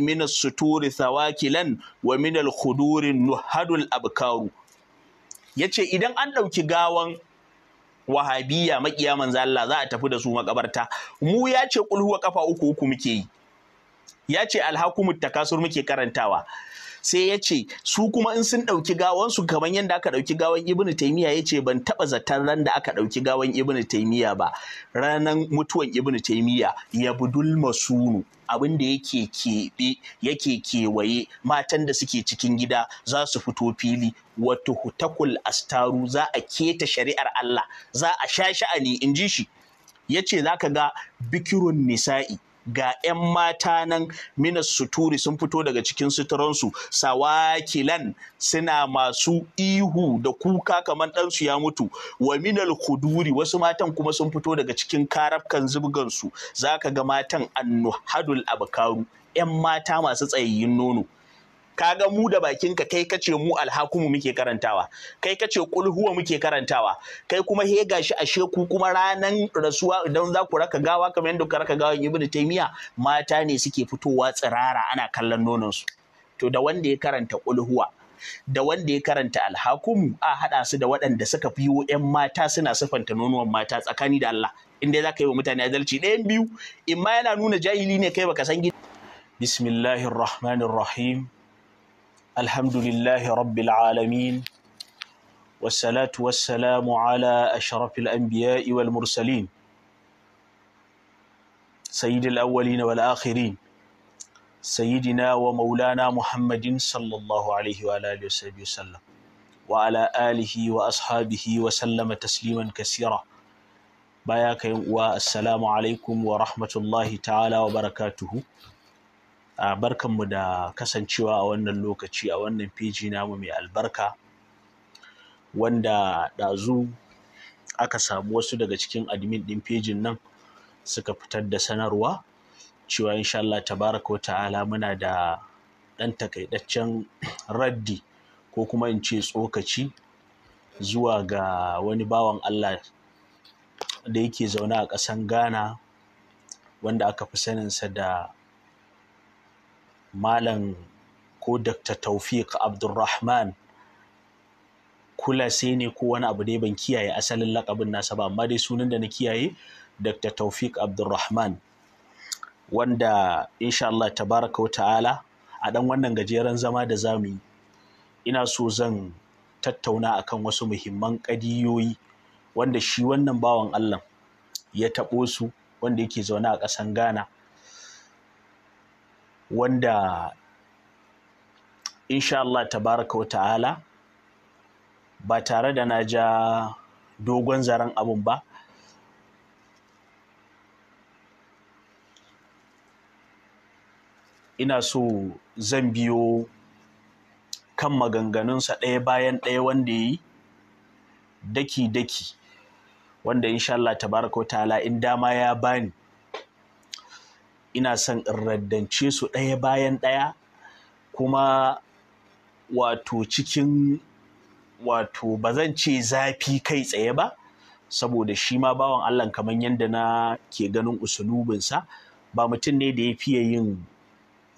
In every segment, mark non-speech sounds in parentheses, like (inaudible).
min suturi wa minal khuduri nuhadul abkaru yace idan an ɗauki gawan wahabiyya makiya manzo Allah za a tafi da su makabarta mu ya ce kulhuwa kafa uku uku muke yi ya ce alhakumut takasur muke karantawa sai ya ce su kuma in sun ɗauki gawansu kamar yadda aka ɗauki gawan ibnu taimiya ya ce ban taɓa zaton ran da aka ɗauki gawan ibnu taimiya ba ranan mutuwan ibnu taimiya ya budul masunu abin da yake keɓe yake kewaye matan da suke cikin gida za su fito fili wato hutakul astaru za a keta shari'ar Allah za a sha sha'ani in ji shi ya ce za ka ga bikirun nisa'i ga 'yan mata nan minas suturi sun fito daga cikin suturansu sawakilan suna masu ihu da kuka kamar ɗansu ya mutu wa minal kuduri wasu matan kuma sun fito daga cikin karafkan zubgansu za ka ga matan annuhadul abakaru 'yan mata masu tsayayyin nono kaga mu da bakinka kai kace mu alhakumu muke karantawa kai kace kul muke karantawa kai kuma he gashi a sheku, kuma ranan rasuwa idan za ku raka gawa kamar yadda ku raka gawa ibnu taymiya mata ne suke fitowa tsirara ana kallon nonon su to da wanda ya karanta kulhuwa da wanda ya karanta alhakumu a haɗa su da waɗanda suka fi yiwo 'yan mata suna sufanta nonuwan mata tsakani da Allah inda za ka yi wa mutane adalci ɗayan biyu in ma yana nuna jahili ne kai baka san gida rahim. الحمد لله رب العالمين والصلاة والسلام على أشرف الأنبياء والمرسلين سيد الأولين والآخرين سيدنا ومولانا محمد صلى الله عليه وعلى آله وصحبه وسلم وعلى آله وأصحابه وسلم تسليما كثيرا باياك والسلام عليكم ورحمة الله تعالى وبركاته barkanmu da kasancewa a wannan lokaci a wannan fiji namu mai albarka wanda ɗazu aka samu wasu daga cikin admin ɗin fejin nan suka fitar da sanarwa cewa insha Allah tabaraka wata ta'ala muna da ɗan takaitaccen (clears throat) raddi ko kuma in ce tsokaci zuwa ga wani bawan Allah da yake zaune a ƙasan Ghana wanda aka fi saninsa da malam ko dr taufik abdulrahman kula sai ne ko wani abu dai ban kiyaye asalin lakabin nasa ba amma dai sunan da na kiyaye dr taufik abdulrahman wanda insha Allah tabaraka wa ta'ala a ɗan wannan gajeren zama da zamu yi ina so zan tattauna akan wasu muhimman ƙadiyoyi wanda shi wannan bawan Allah ya taɓo su wanda yake zaune a ƙasan Ghana wanda insha Allah tabaraka wa ta'ala ba tare da na ja dogon zaren abin ba ina so zan biyo kan maganganunsa ɗaya bayan ɗaya wanda ya yi daki-daki wanda insha Allah tabaraka wa ta'ala in dama ya bani ina son in raddance su ɗaya bayan ɗaya kuma wato cikin wato ba zan ce zafi kai tsaye ba saboda shi ma bawan Allah kamar yadda na ke ganin usulubinsa ba mutum ne da ya fiye yin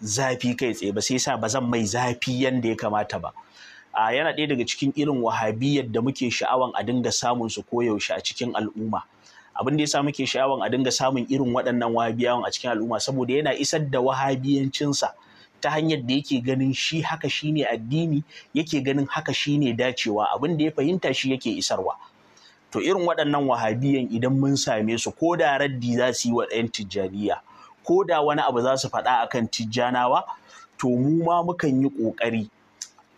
zafi kai tsaye ba sai sa ba zan mai zafi yadda ya kamata ba a yana ɗaya daga cikin irin wahabiyyar da muke sha'awan a dinga samun su koyaushe a cikin al'umma abin da ya sa muke sha'awan a dinga samun irin waɗannan wahabiyawan a cikin al'umma saboda yana isar da wahabiyancinsa ta hanyar da yake ganin shi haka shi ne addini yake ganin haka shi ne dacewa abin da ya fahimta shi yake isarwa to irin waɗannan wahabiyan idan mun same su ko da raddi za su yi wa ɗayan tijjaniya ko da wani abu za su faɗa a kan tijjanawa to mu ma mukan yi ƙoƙari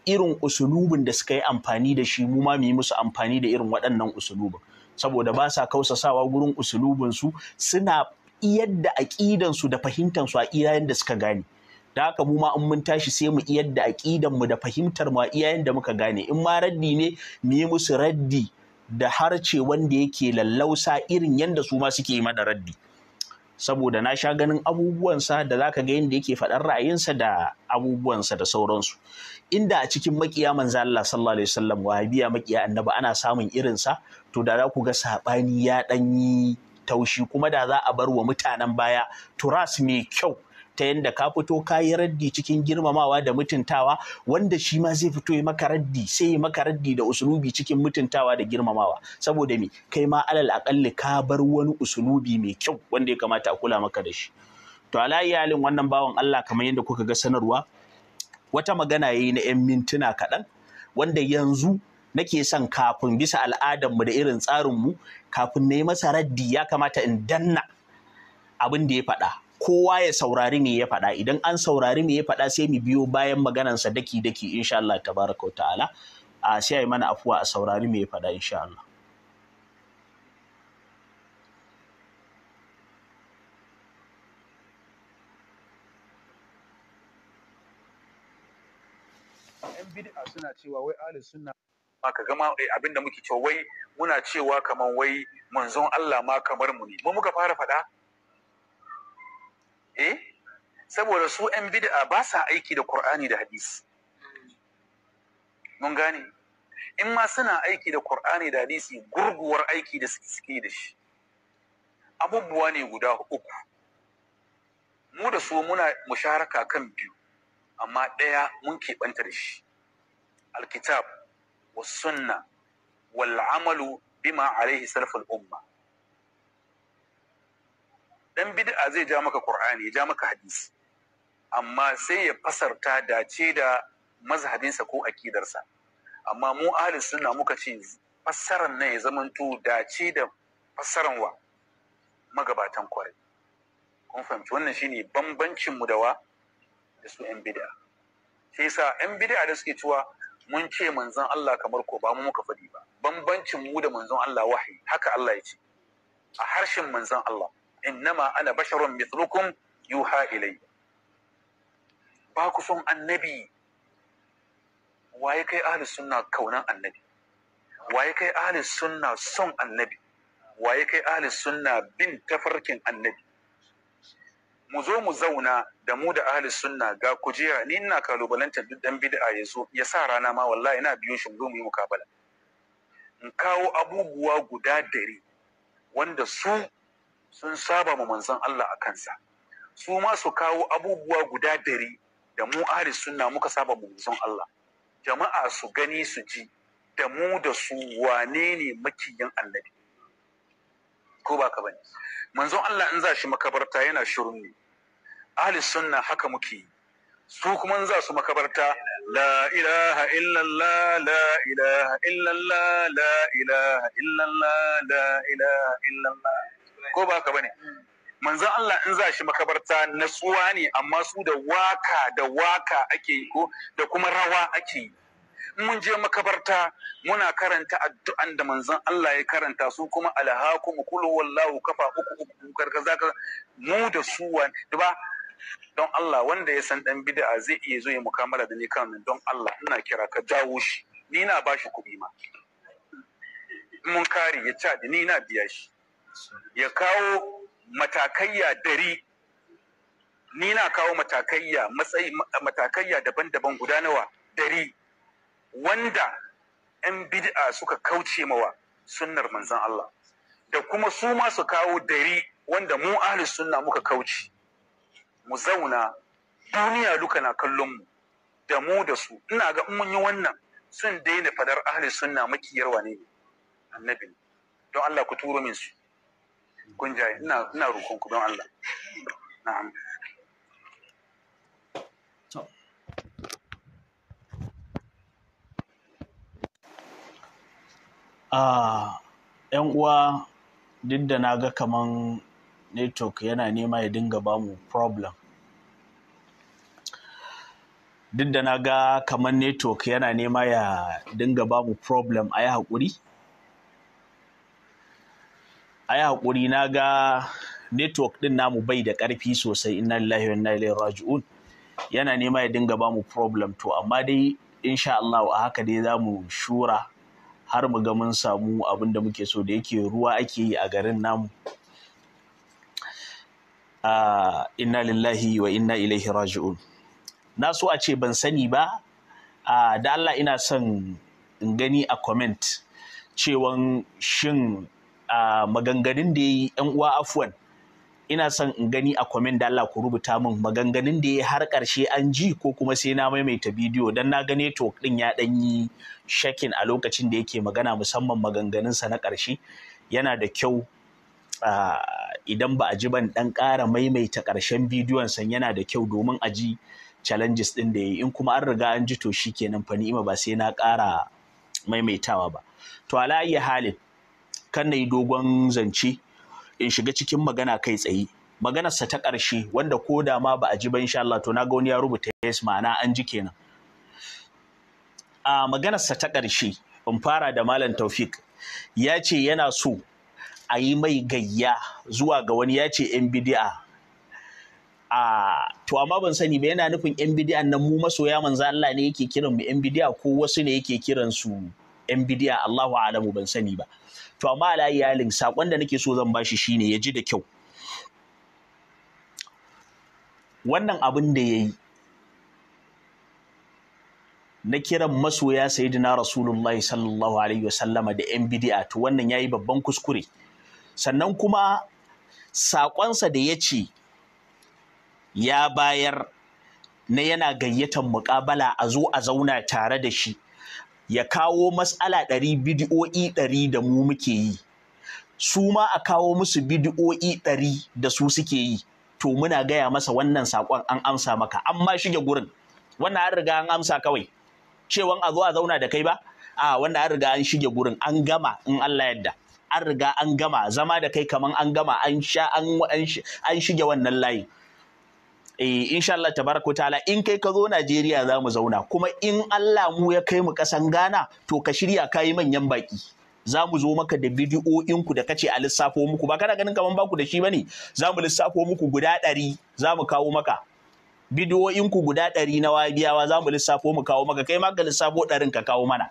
irin usulubin da suka yi amfani da shi mu ma mu yi musu amfani da irin waɗannan usulubin saboda ba sa kausasawa gurin usulubinsu suna iyadda aƙidansu da fahimtansu a iyayen da suka gane da haka mu ma in mun tashi sai mu iyadda aƙidan mu da fahimtar mu a iyayen da muka gane in ma raddi ne mu yi musu raddi da harce wanda yake lallausa irin yanda su ma suke yi mana raddi saboda na sha ganin abubuwansa da zaka ga yanda yake faɗar ra'ayinsa da abubuwansa da sauransu inda a cikin makiya manzo Allah sallallahu alaihi wasallam wahabiya makiya annabi ana samun irin sa, to da za ku ga saɓani ya ɗanyi taushi kuma da za a bar wa mutanen baya turas mai kyau ta yadda ka fito ka yi raddi cikin girmamawa da mutuntawa wanda shi ma zai fito ya maka raddi sai ya maka raddi da usulubi cikin mutuntawa da girmamawa saboda me kai ma alal akalli ka bar wani usulubi mai kyau wanda ya kamata a kula maka da shi to ala iyalin wannan bawan Allah kamar yadda kuka ga sanarwa wata magana yayi na 'yan mintuna kaɗan wanda yanzu nake son kafin bisa al'adarmu da irin tsarinmu kafin na yi masa raddi ya kamata in danna abin da ya faɗa kowa ya saurari me ya faɗa idan an saurari me ya faɗa sai mu biyo bayan maganansa daki daki insha Allah tabaraka ta'ala a sai mana afuwa a saurari me ya faɗa insha Allah yan bid'a suna cewa wai ahlus sunna ma ka gama eh, abin da muke cewa wai muna cewa kamar wai manzon Allah ma kamar mu ne mu muka fara faɗa eh saboda su yan bid'a ba sa aiki da Qur'ani da hadisi mun gane in ma suna aiki da Qur'ani da hadisi gurguwar aiki da suke da shi abubuwa ne guda uku mu da su muna musharaka kan biyu amma ɗaya mun keɓanta da shi alkitab wa sunna wal amalu bima alaihi salaful umma dan bid'a zai ja maka qur'ani ya ja maka hadisi amma sai ya fasarta dace da mazhabinsa ko akidarsa amma mu ahli sunna muka ce fassaran nan ya zamanto dace da fassaran wa magabatan kwarai kun fahimci wannan shine bambancin mu da wa da su yan bid'a sai yasa yan bid'a da suke cewa mun ce manzon Allah kamar ko ba mu muka faɗi ba bambancin mu da manzon Allah wahayi haka Allah ya ce a harshen manzon Allah innama ana basharun mithlukum yuha ilai ba ku son annabi waye kai ahli sunna kaunan annabi waye kai ahli sunna son annabi waye kai ahli sunna bin tafarkin annabi mu zo mu zauna da mu da ahli sunna ga kujera ni ina kalubalanta duk dan bid'a ya zo ya sa rana ma wallahi ina biyo shi zo mu yi mukabala in kawo abubuwa guda dari wanda su sun saba mu manzon Allah a kansa su ma su kawo abubuwa guda dari da mu ahli sunna muka saba mu manzon Allah jama'a su gani su ji da mu da su wane ne makiyin annabi ko ba ka bane manzon Allah in za shi makabarta yana shirun ne ahli sunna haka muke su kuma in za su makabarta la ilaha illallah la ilaha illallah la ilaha illallah la ilaha illallah ko ba ka bane manzon Allah in za shi makabarta natsuwa ne amma su da waka da waka ake yi ko da kuma rawa ake yi mun je makabarta muna karanta addu'an da manzon Allah ya karanta su kuma alhaakum kullu wallahu kafa uku uku gargaza mu da su wani ba don Allah wanda ya san dan bid'a zai iya zo ya mukamala da ni kan don Allah ina kira ka jawo shi ni na ba shi kuɗi ma mun kare ya ca da ni na biya shi ya kawo matakayya dari ni na kawo matakayya matsayi matakayya daban-daban guda nawa dari wanda 'yan bid'a suka kauce mawa sunnar manzan Allah da kuma su ma su kawo dari wanda mu ahli sunna muka kauce mu zauna duniya duka na kallon mu da mu da su ina ga mun yi wannan sun daina fadar ahli sunna makiyarwa ne annabi don Allah ku turo min su kun jaye ina ina ku don Allah na'am a yan uwa duk da na ga kaman network yana nema ya dinga bamu problem duk da na ga kaman network yana nema ya dinga bamu problem a yi haƙuri a yi haƙuri na ga network ɗin namu bai da ƙarfi sosai inna lillahi wa inna ilaihi raji'un yana nema ya dinga bamu problem to amma dai insha Allah a haka dai za mu shura har mu ga mun samu abin da muke so da yake ruwa ake yi a garin namu inna lillahi wa inna ilaihi raji'un na so a ce ban sani ba da Allah ina son in gani a comment cewan shin maganganun da ya yi uwa afuwan ina son in gani a kwamin da Allah ku rubuta min maganganun da ya har ƙarshe an ji ko kuma sai na maimaita bidiyo don na gane to ɗin ya ɗan yi shakin a lokacin da yake magana musamman maganganunsa na ƙarshe yana da kyau idan ba a ji ban ɗan ƙara maimaita ƙarshen bidiyon san yana da kyau domin a ji challenges ɗin da ya yi in kuma an riga an ji to shi kenan fa ni'ima ba sai na ƙara maimaitawa ba to ala halin kan na yi dogon zance in shiga cikin magana kai tsaye maganarsa ta ƙarshe wanda ko da ma ba a ji ba insha Allah to na wani ya rubuta yes ma'ana an ji kenan a maganarsa ta ƙarshe in fara da malam Taufik ya ce yana so a yi mai gayya zuwa ga wani ya ce yan bidi'a a to amma ban sani ba yana nufin yan bidi'an nan mu masoya manzo Allah ne yake kiran mu yan bidi'a ko wasu ne yake kiran su yan bidi'a Allahu a'lamu ban sani ba to amma ala iyalin sakon da nake so zan ba shi shine ya ji da kyau wannan abin da ya yi na kiran masoya sayyidina rasulullahi sallallahu alaihi wasallama da yan bidi'a to wannan yayi babban kuskure sannan kuma saƙonsa da ya ce ya bayar na yana gayyatar muƙabala a zo a zauna tare da shi ya kawo matsala ɗari bidi'o'i ɗari da mu muke yi su ma a kawo musu bidi'o'i ɗari da su suke yi to muna gaya masa wannan saƙon an amsa maka Amma shige gurin wannan an riga an amsa kawai cewan a zo a zauna da kai ba a wannan an riga an shige gurin an gama in Allah yadda an riga an gama zama da kai kaman an gama an sha an shige wannan layi eh insha Allah tabaraka ta'ala in kai ka zo Najeriya za mu zauna kuma in Allah mu ya kai mu kasan Ghana to ka shirya kayi manyan baki za mu zo maka da ku da kace a lissafo muku ba kana ganin kaman baku da shi bane za mu lissafo muku guda ɗari za mu kawo maka ku guda ɗari na wabiyawa za mu lissafo mu kawo maka kai ma ka lissafo ɗarin ka kawo mana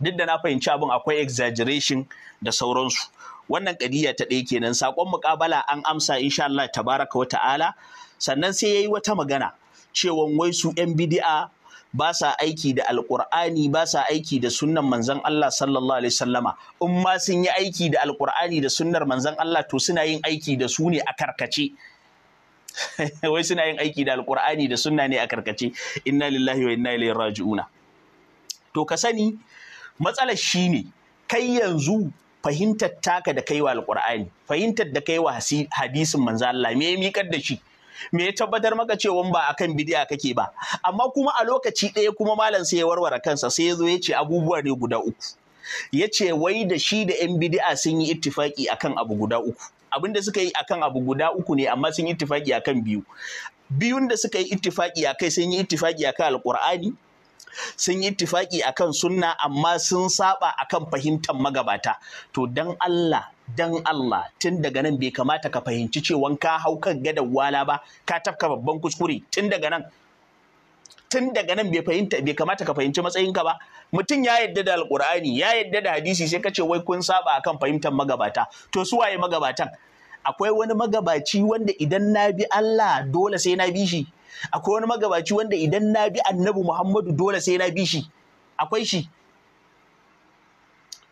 duk da na fahimci abin akwai exaggeration da sauransu wannan ƙadiyya ta ɗaya kenan saƙon muƙabala an amsa insha Allah tabaraka wa ta'ala sannan sai yayi wata magana cewan wai su yan bidi'a ba sa aiki da alƙur'ani ba sa aiki da sunnan manzon Allah sallallahu alaihi sallama in ma sun yi aiki da alƙur'ani da sunnar manzon Allah to suna yin aiki da su ne a karkace (laughs) wai suna yin aiki da alƙur'ani da sunna ne a karkace inna lillahi wa inna ilaihi raji'una to ka sani matsalar shine kai yanzu fahimtar taka da kaiwa Alƙur'ani, fahimtar da kaiwa hadisin manzo Allah me ya mikar da shi me ya tabbatar maka cewa ba akan bidiya kake ba amma kuma a lokaci ɗaya kuma malam sai ya warware kansa sai ya zo ya ce abubuwa ne guda uku ya ce wai da shi da yan bidi'a sun yi ittifaki akan abu guda uku abin da suka yi akan abu guda uku ne amma sun yi ittifaki akan biyu biyun da suka yi ittifaki akai sun yi ittifaki akan alqur'ani sun yi a akan sunna amma sun saba akan fahimtar magabata to dan Allah dan Allah tun daga nan bai kamata ka fahimci cewa ka hau kan gadan wala ba ka tafka babban kuskure tun daga nan tun daga nan bai kamata ka fahimci matsayinka ba mutum ya yadda da alkur'ani ya yadda da hadisi sai ka ce wai kun saba akan fahimtar magabata to su waye magabatan akwai wani magabaci wanda idan na bi Allah dole sai na bi shi akwai wani magabaci wanda idan na bi annabi Muhammadu dole sai na bi shi akwai shi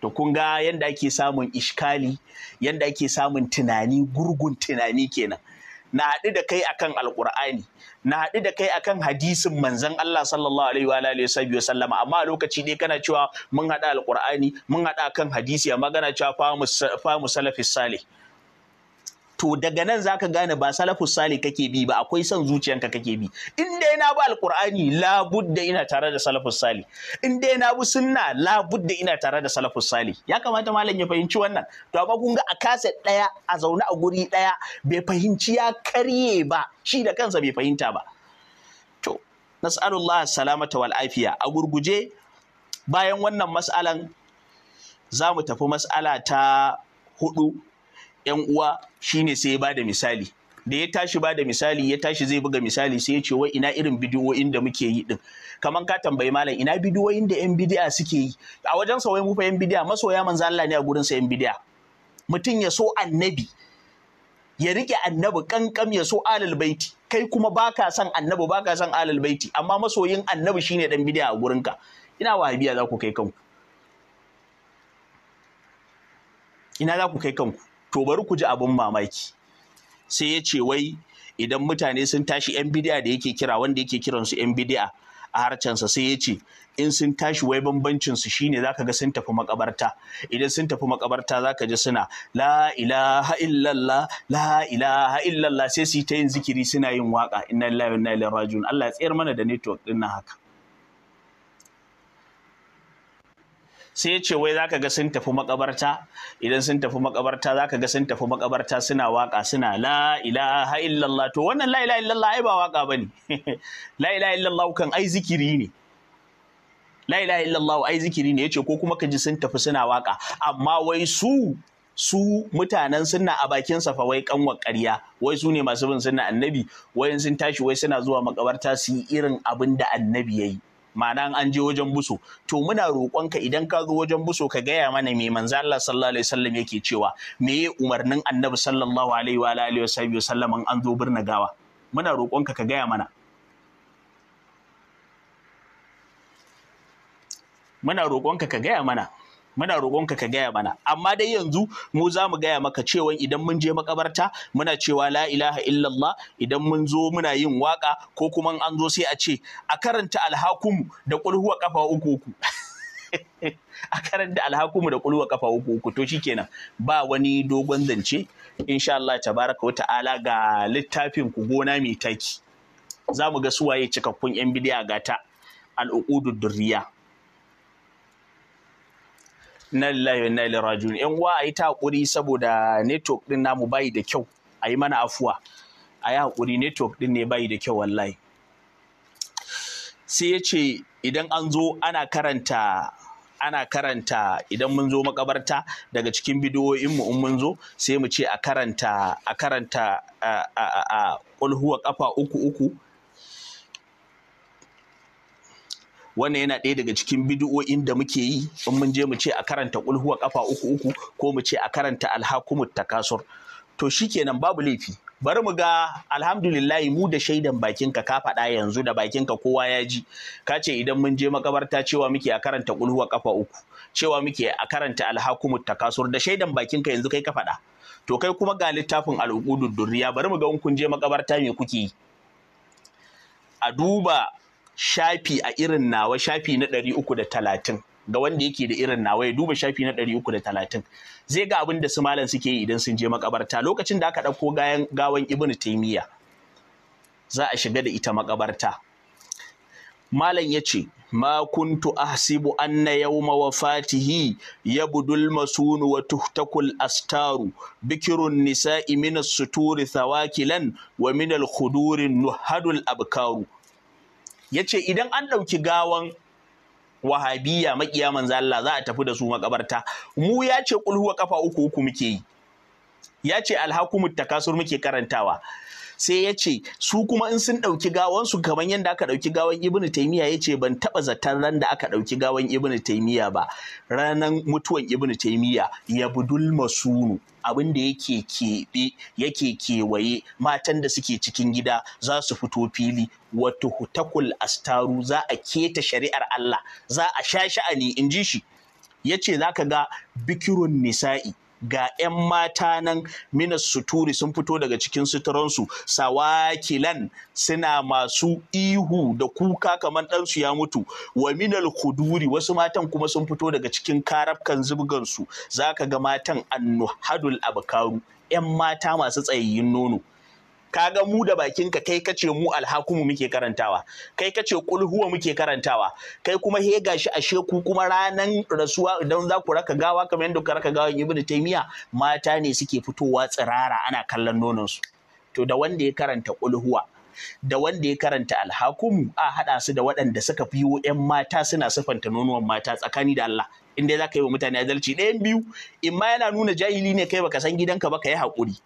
to kun ga yanda ake samun ishkali yanda ake samun tunani gurgun tunani kenan na haɗu da kai akan alƙur'ani na haɗu da kai akan hadisin manzon Allah sallallahu alaihi wa alihi wa sallama amma a lokaci ne kana cewa mun haɗa alƙur'ani mun haɗa akan hadisi amma kana cewa fa mu salafis salih to daga nan zaka gane ba salafus salih kake bi ba akwai son zuciyanka kake bi in dai na bi alqur'ani la da ina tare da salafus salih in dai na bi sunna la da ina tare da salafus salih ya kamata malam ya fahimci wannan to amma kun ga a kasa daya a zaune a guri daya bai fahimci ya karye ba shi da kansa bai fahimta ba to nas'alullah salamata wal afiya a gurguje bayan wannan mas'alan za mu tafi mas'ala ta hudu 'yan uwa shine sai ya bada misali da ya tashi bada misali ya tashi zai buga misali sai ya ce wai ina irin bidiyoyin da muke yi din kamar ka tambayi malam ina bidiyoyin da 'yan bidiya suke yi a wajen sa wai mu fa 'yan bidiya masoya manzo Allah ne a gurin sa 'yan bidiya mutum ya so annabi ya rike annabi kankam ya so alal baiti kai kuma baka son annabi baka son alal baiti amma masoyin annabi shine dan bidiya a gurinka ina wahabiya za ku kai kanku ina za ku kai kanku to bari ku ji abin mamaki sai ya ce wai idan mutane sun tashi yan bidiya da yake kira wanda yake kiran su yan bidiya a harcensa sai ya ce in sun tashi wai bambancin su shine zaka ga sun tafi makabarta idan sun tafi makabarta zaka ji suna la ilaha illallah la ilaha illallah sai su yi ta yin zikiri suna yin waka inna lillahi wa inna ilaihi raji'un Allah ya tsayar mana da network din haka sai ya ce wai za ka ga sun tafi makabarta idan sun tafi makabarta ka ga sun tafi makabarta suna waka suna la ilaha illallah to wannan la ilaha illallah ai ba waka ne (laughs) la ilaha illallah kan ai zikiri ne la ilaha illallah ai zikiri ne yace ko kuma ka ji sun tafi suna waka amma wai su su mutanen sunna a bakin safa fa wai kanwar ƙarya wai su ne masu bin sunna annabi wai sun tashi wai suna zuwa makabarta su yi irin abin da annabi ya yi. ma'ana an je wajen buso to muna roƙonka idan ka zo wajen buso ka gaya mana me manzo Allah sallallahu alaihi wasallam yake cewa me umarnin annabi sallallahu alaihi wa alihi wasallam an zo birnin gawa muna roƙonka ka gaya mana muna roƙonka ka gaya mana muna roƙonka ka gaya mana amma dai yanzu mu za mu gaya maka cewa idan mun je makabarta muna cewa la ilaha illallah idan mun zo muna yin waka ko kuma an zo sai a ce a karanta alhakum da kulhuwa kafa uku uku (laughs) a karanta alhakumu da kulhuwa kafa uku uku to shikenan ba wani dogon zance insha Allah tabaraka wa ta'ala ga littafin ku gona mai taki za mu ga suwaye cikakkun yan bidiya gata al'uqudud durriya na lillahi wa inna ilaihi rajiun yan uwa ayi ta hakuri saboda network din namu bai da kyau ayi mana afuwa ayi haƙuri network din ne bai da kyau wallahi sai ya ce idan an zo ana karanta ana karanta idan mun zo makabarta daga cikin bidiyoyin mu in mun zo sai mu ce a karanta a karanta a, a, a, kulhuwa kafa uku uku wannan yana ɗaya daga cikin bidiyo'in da muke yi in mun je mu ce a karanta kulhuwa kafa uku uku ko mu ce a karanta alhakumut takasur to shikenan babu laifi bari mu ga alhamdulillahi mu da shaidan bakinka ka faɗa yanzu da bakinka kowa ya ji ka ce idan mun je makabarta cewa muke a karanta kulhuwa kafa uku cewa muke a karanta alhakumut takasur da shaidan bakinka yanzu kai ka faɗa to kai kuma ga littafin al'uqudud durriya bari mu ga kun je makabarta me kuke yi a duba shafi a irin nawa shafi na ɗari uku da talatin ga wanda yake da irin nawa ya duba shafi na ɗari uku da talatin zai ga abin da su malam suke yi idan sun je makabarta lokacin da aka ɗauko gawan ibnu taimiyya za a shiga da ita makabarta malam ya ce ma kuntu ahsibu anna yawma wafatihi yabdul masun wa tuhtakul astaru bikirun nisa'i min as-suturi thawakilan wa minal al-khuduri nuhadul abkaru ya ce idan an ɗauki gawan wahabiya maƙiya manzan Allah za a tafi da su makabarta mu ya ce kulhuwa kafa uku uku muke yi ya ce alhakumut takasur muke karantawa sai ya ce su kuma in sun ɗauki gawansu kamar yadda aka ɗauki gawan ibnu taimiya ya ce ban taɓa zaton ran da aka ɗauki gawan ibnu taimiya ba ranar mutuwan ibnu taimiya ya budul masunu abin da yake keɓe yake kewaye matan da suke cikin gida za su fito fili wato hutakul astaru za a keta shari'ar Allah za a sha sha'ani in ji shi ya ce za ka ga bikirun nisa'i ga 'yan mata nan minas suturi sun fito daga cikin suturansu sawakilan suna masu ihu da kuka kamar ɗansu ya mutu wa minal kuduri wasu matan kuma sun fito daga cikin karafkan zubgansu za ka ga matan annuhadul abakaru 'yan mata masu tsayayyin nono kaga mu da bakinka kai kace mu alhakumu muke karantawa kai kace Kulhuwa huwa muke karantawa kai kuma he gashi a sheku, kuma ranan rasuwa idan za ku raka gawa kamar yadda ku raka gawa ibnu taymiya mata ne suke fitowa tsirara ana kallon nonon su to da wanda ya karanta Kulhuwa, da wanda ya karanta alhakumu a haɗa su da waɗanda suka fi yi ‘yan mata suna sufanta nonuwan mata tsakani da Allah inda za ka yi wa mutane adalci ɗayan biyu in ma yana nuna jahili ne kai baka san gidanka ba ka yi haƙuri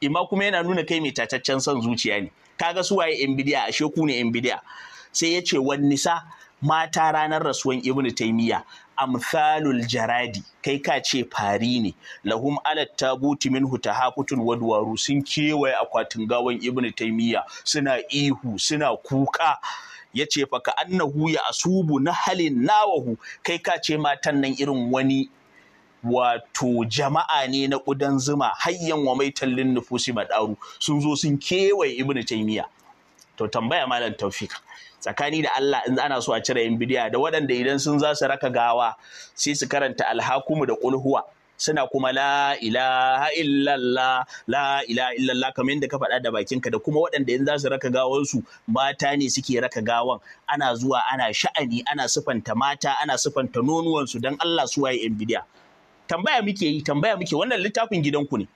imma kuma yana nuna kai mai tataccen son zuciya ne kaga su waye yan bidiya ashe ku ne yan bidiya sai ya ce wan nisa mata ranar rasuwan ibnu taymiya amsalul jaradi kai ka ce fari ne lahum alat tabuti minhu tahafutun wadwaru sun kewaye akwatin gawan ibnu taymiya suna ihu suna kuka ya ce fa annahu ya asubu na halin nawahu kai ka ce matan nan irin wani wato jama'a ne na ƙudan zuma hayyan wa mai tallin nufusi maɗaru sun zo sun kewaye ibnu taymiya to tambaya malam taufik tsakani da Allah in ana so a cire yan bidiya da waɗanda idan sun za su raka gawa sai su karanta alhakumu da kulhuwa suna kuma la ilaha illallah la ilaha illallah kamar yadda ka faɗa da bakinka da kuma waɗanda in za su raka gawansu mata ne suke raka gawan ana zuwa ana sha'ani ana sifanta mata ana sifanta nonuwansu don Allah su waye yan bidiya tambaya muke yi tambaya muke wannan littafin gidanku ne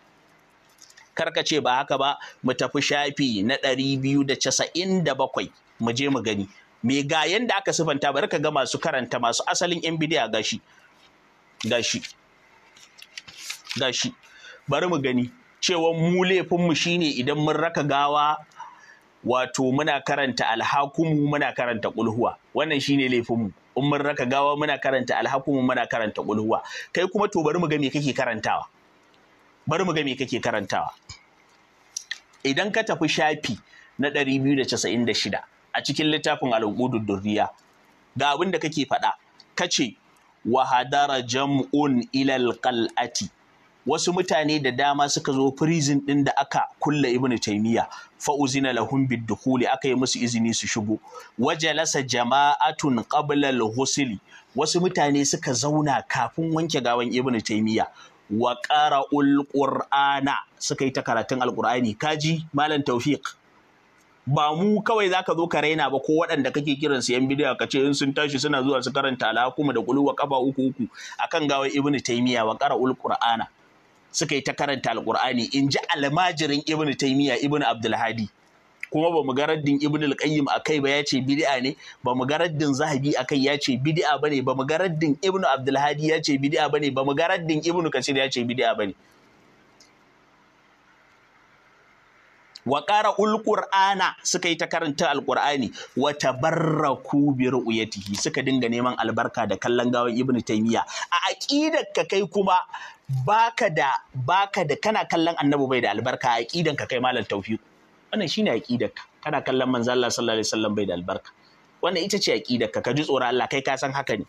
karkace ba haka ba mu tafi shafi na ɗari biyu da casa'in da bakwai mu je mu gani me ga yanda aka sifanta bari ka ga masu karanta masu asalin yan bidiya gashi gashi gashi bari mu gani cewa mu laifinmu shine idan mun raka gawa wato muna karanta alhakumu muna karanta kulhuwa wannan shine laifinmu in mun raka gawa muna karanta alhakumu muna karanta kulhuwa kai kuma to bari mu ga me kake karantawa bari mu ga me kake karantawa idan ka tafi shafi na 296 a cikin littafin al'ubudu durriya ga abin da kake faɗa kace wa hadara jam'un ilal qal'ati wasu mutane da dama suka zo prison din da aka kulle ibnu taymiya fa uzina lahum bidukhuli aka yi musu izini su shigo wajalasa jama'atun qabla al wasu mutane suka zauna kafin wanke gawan ibnu taymiya wa qara'ul qur'ana suka yi ta karatun alqur'ani kaji malam tawfiq ba mu kawai zaka zo ka raina ba ko waɗanda kake kiran su yan bidiya ka ce in sun tashi suna zuwa su karanta alhakuma da kuluwa wa kaba uku uku akan gawar ibnu taymiya wa qara'ul qur'ana suka yi ta karanta Alƙur'ani in ji almajirin ibnu taymiya ibnu abdulhadi kuma ba mu ga raddin ibn al akai ba yace bid'a ne ba mu ga raddin zahabi akai yace bid'a bane ba mu ga raddin ibnu abdulhadi yace bid'a bane ba mu ga raddin ibnu kasir yace bid'a bane wa ƙara ulƙur'ana suka yi ta karanta alƙur'ani wa tabarraku bi ru'yatihi suka dinga neman albarka da kallon gawan ibnu taymiya a aqidar ka kai kuma baka da baka da kana kallon annabi bai da albarka a aqidan ka kai malam tawfiq wannan shine aqidar ka kana kallon manzo Allah sallallahu alaihi wasallam bai da albarka wannan ita ce aqidar ka ka ji tsoron Allah kai ka san haka ne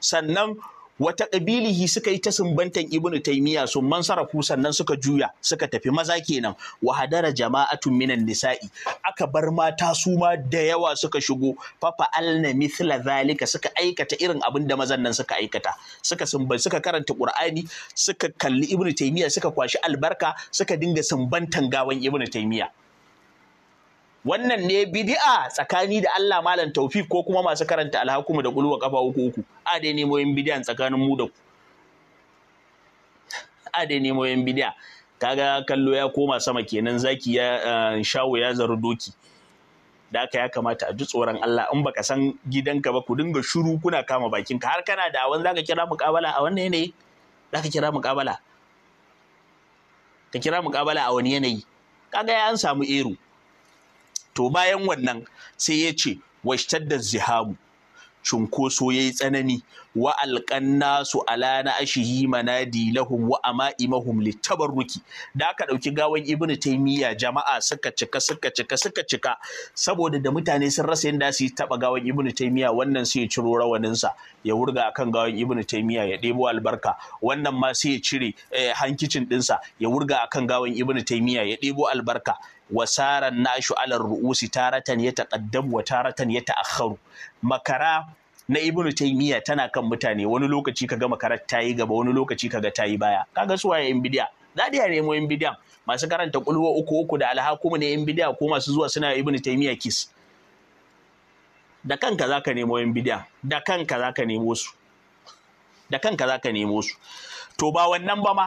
sannan wata ƙabilihi suka yi ta sumbantan ibnu taimiya sun man sarrafu sannan suka juya suka tafi maza kenan wa hadara jama'atun minan nisa'i aka bar mata su ma da yawa suka shigo fafa alna mithla zalika suka aikata irin abin da mazan nan suka aikata suka sumban suka karanta qur'ani suka kalli ibnu taimiya suka kwashi albarka suka dinga sumbantan gawan ibnu taimiya wannan ne bidi'a tsakani da Allah malam Taufik ko kuma masu karanta alhakuma da kulwa kafa uku uku a dai nemoyin bidiyan tsakanin mu da ku a dai nemoyin bidiya kaga kallo ya koma sama kenan zaki ya eh, shawo ya zaru doki da aka ya kamata a ji tsoron Allah in baka san gidanka ba ku dinga shuru kuna kama bakinka har kana da awan zaka kira muƙabala a wannan yanayi zaka kira muƙabala ka kira muƙabala a wani yanayi kaga ya an samu ero to bayan wannan sai ya ce washtar da zihabu cunkoso ya yi tsanani wa alƙanna su ala na ashihi manadi lahum wa ama'imahum litabarruki da aka ɗauki gawan Ibn Taimiyya jama'a suka cika suka cika suka cika saboda da mutane sun rasa yadda su taba gawan Ibn Taimiyya. wannan sai ya ciro rawaninsa ya wurga akan gawan Ibn Taimiyya ya ɗebo albarka wannan ma sai ya cire eh, hankicin ɗinsa ya wurga akan gawan ibnu Taimiyya ya ɗebo albarka wasaran nashu alar ru'usi taratan ya taƙaddamu wa taratan ya ta'akharu makara na ibnu taymiya tana kan mutane wani lokaci kaga ga ta yi gaba wani lokaci kaga ta yi baya kaga su waye yan bidiya za da ya nemo yan bidiya masu karanta kulwa uku uku da alhakumu ne yan bidiya ko masu zuwa suna ibnu taymiya kis da kanka zaka nemo yan bidiya da kanka zaka nemo su da kanka zaka nemo su to ba wannan ba ma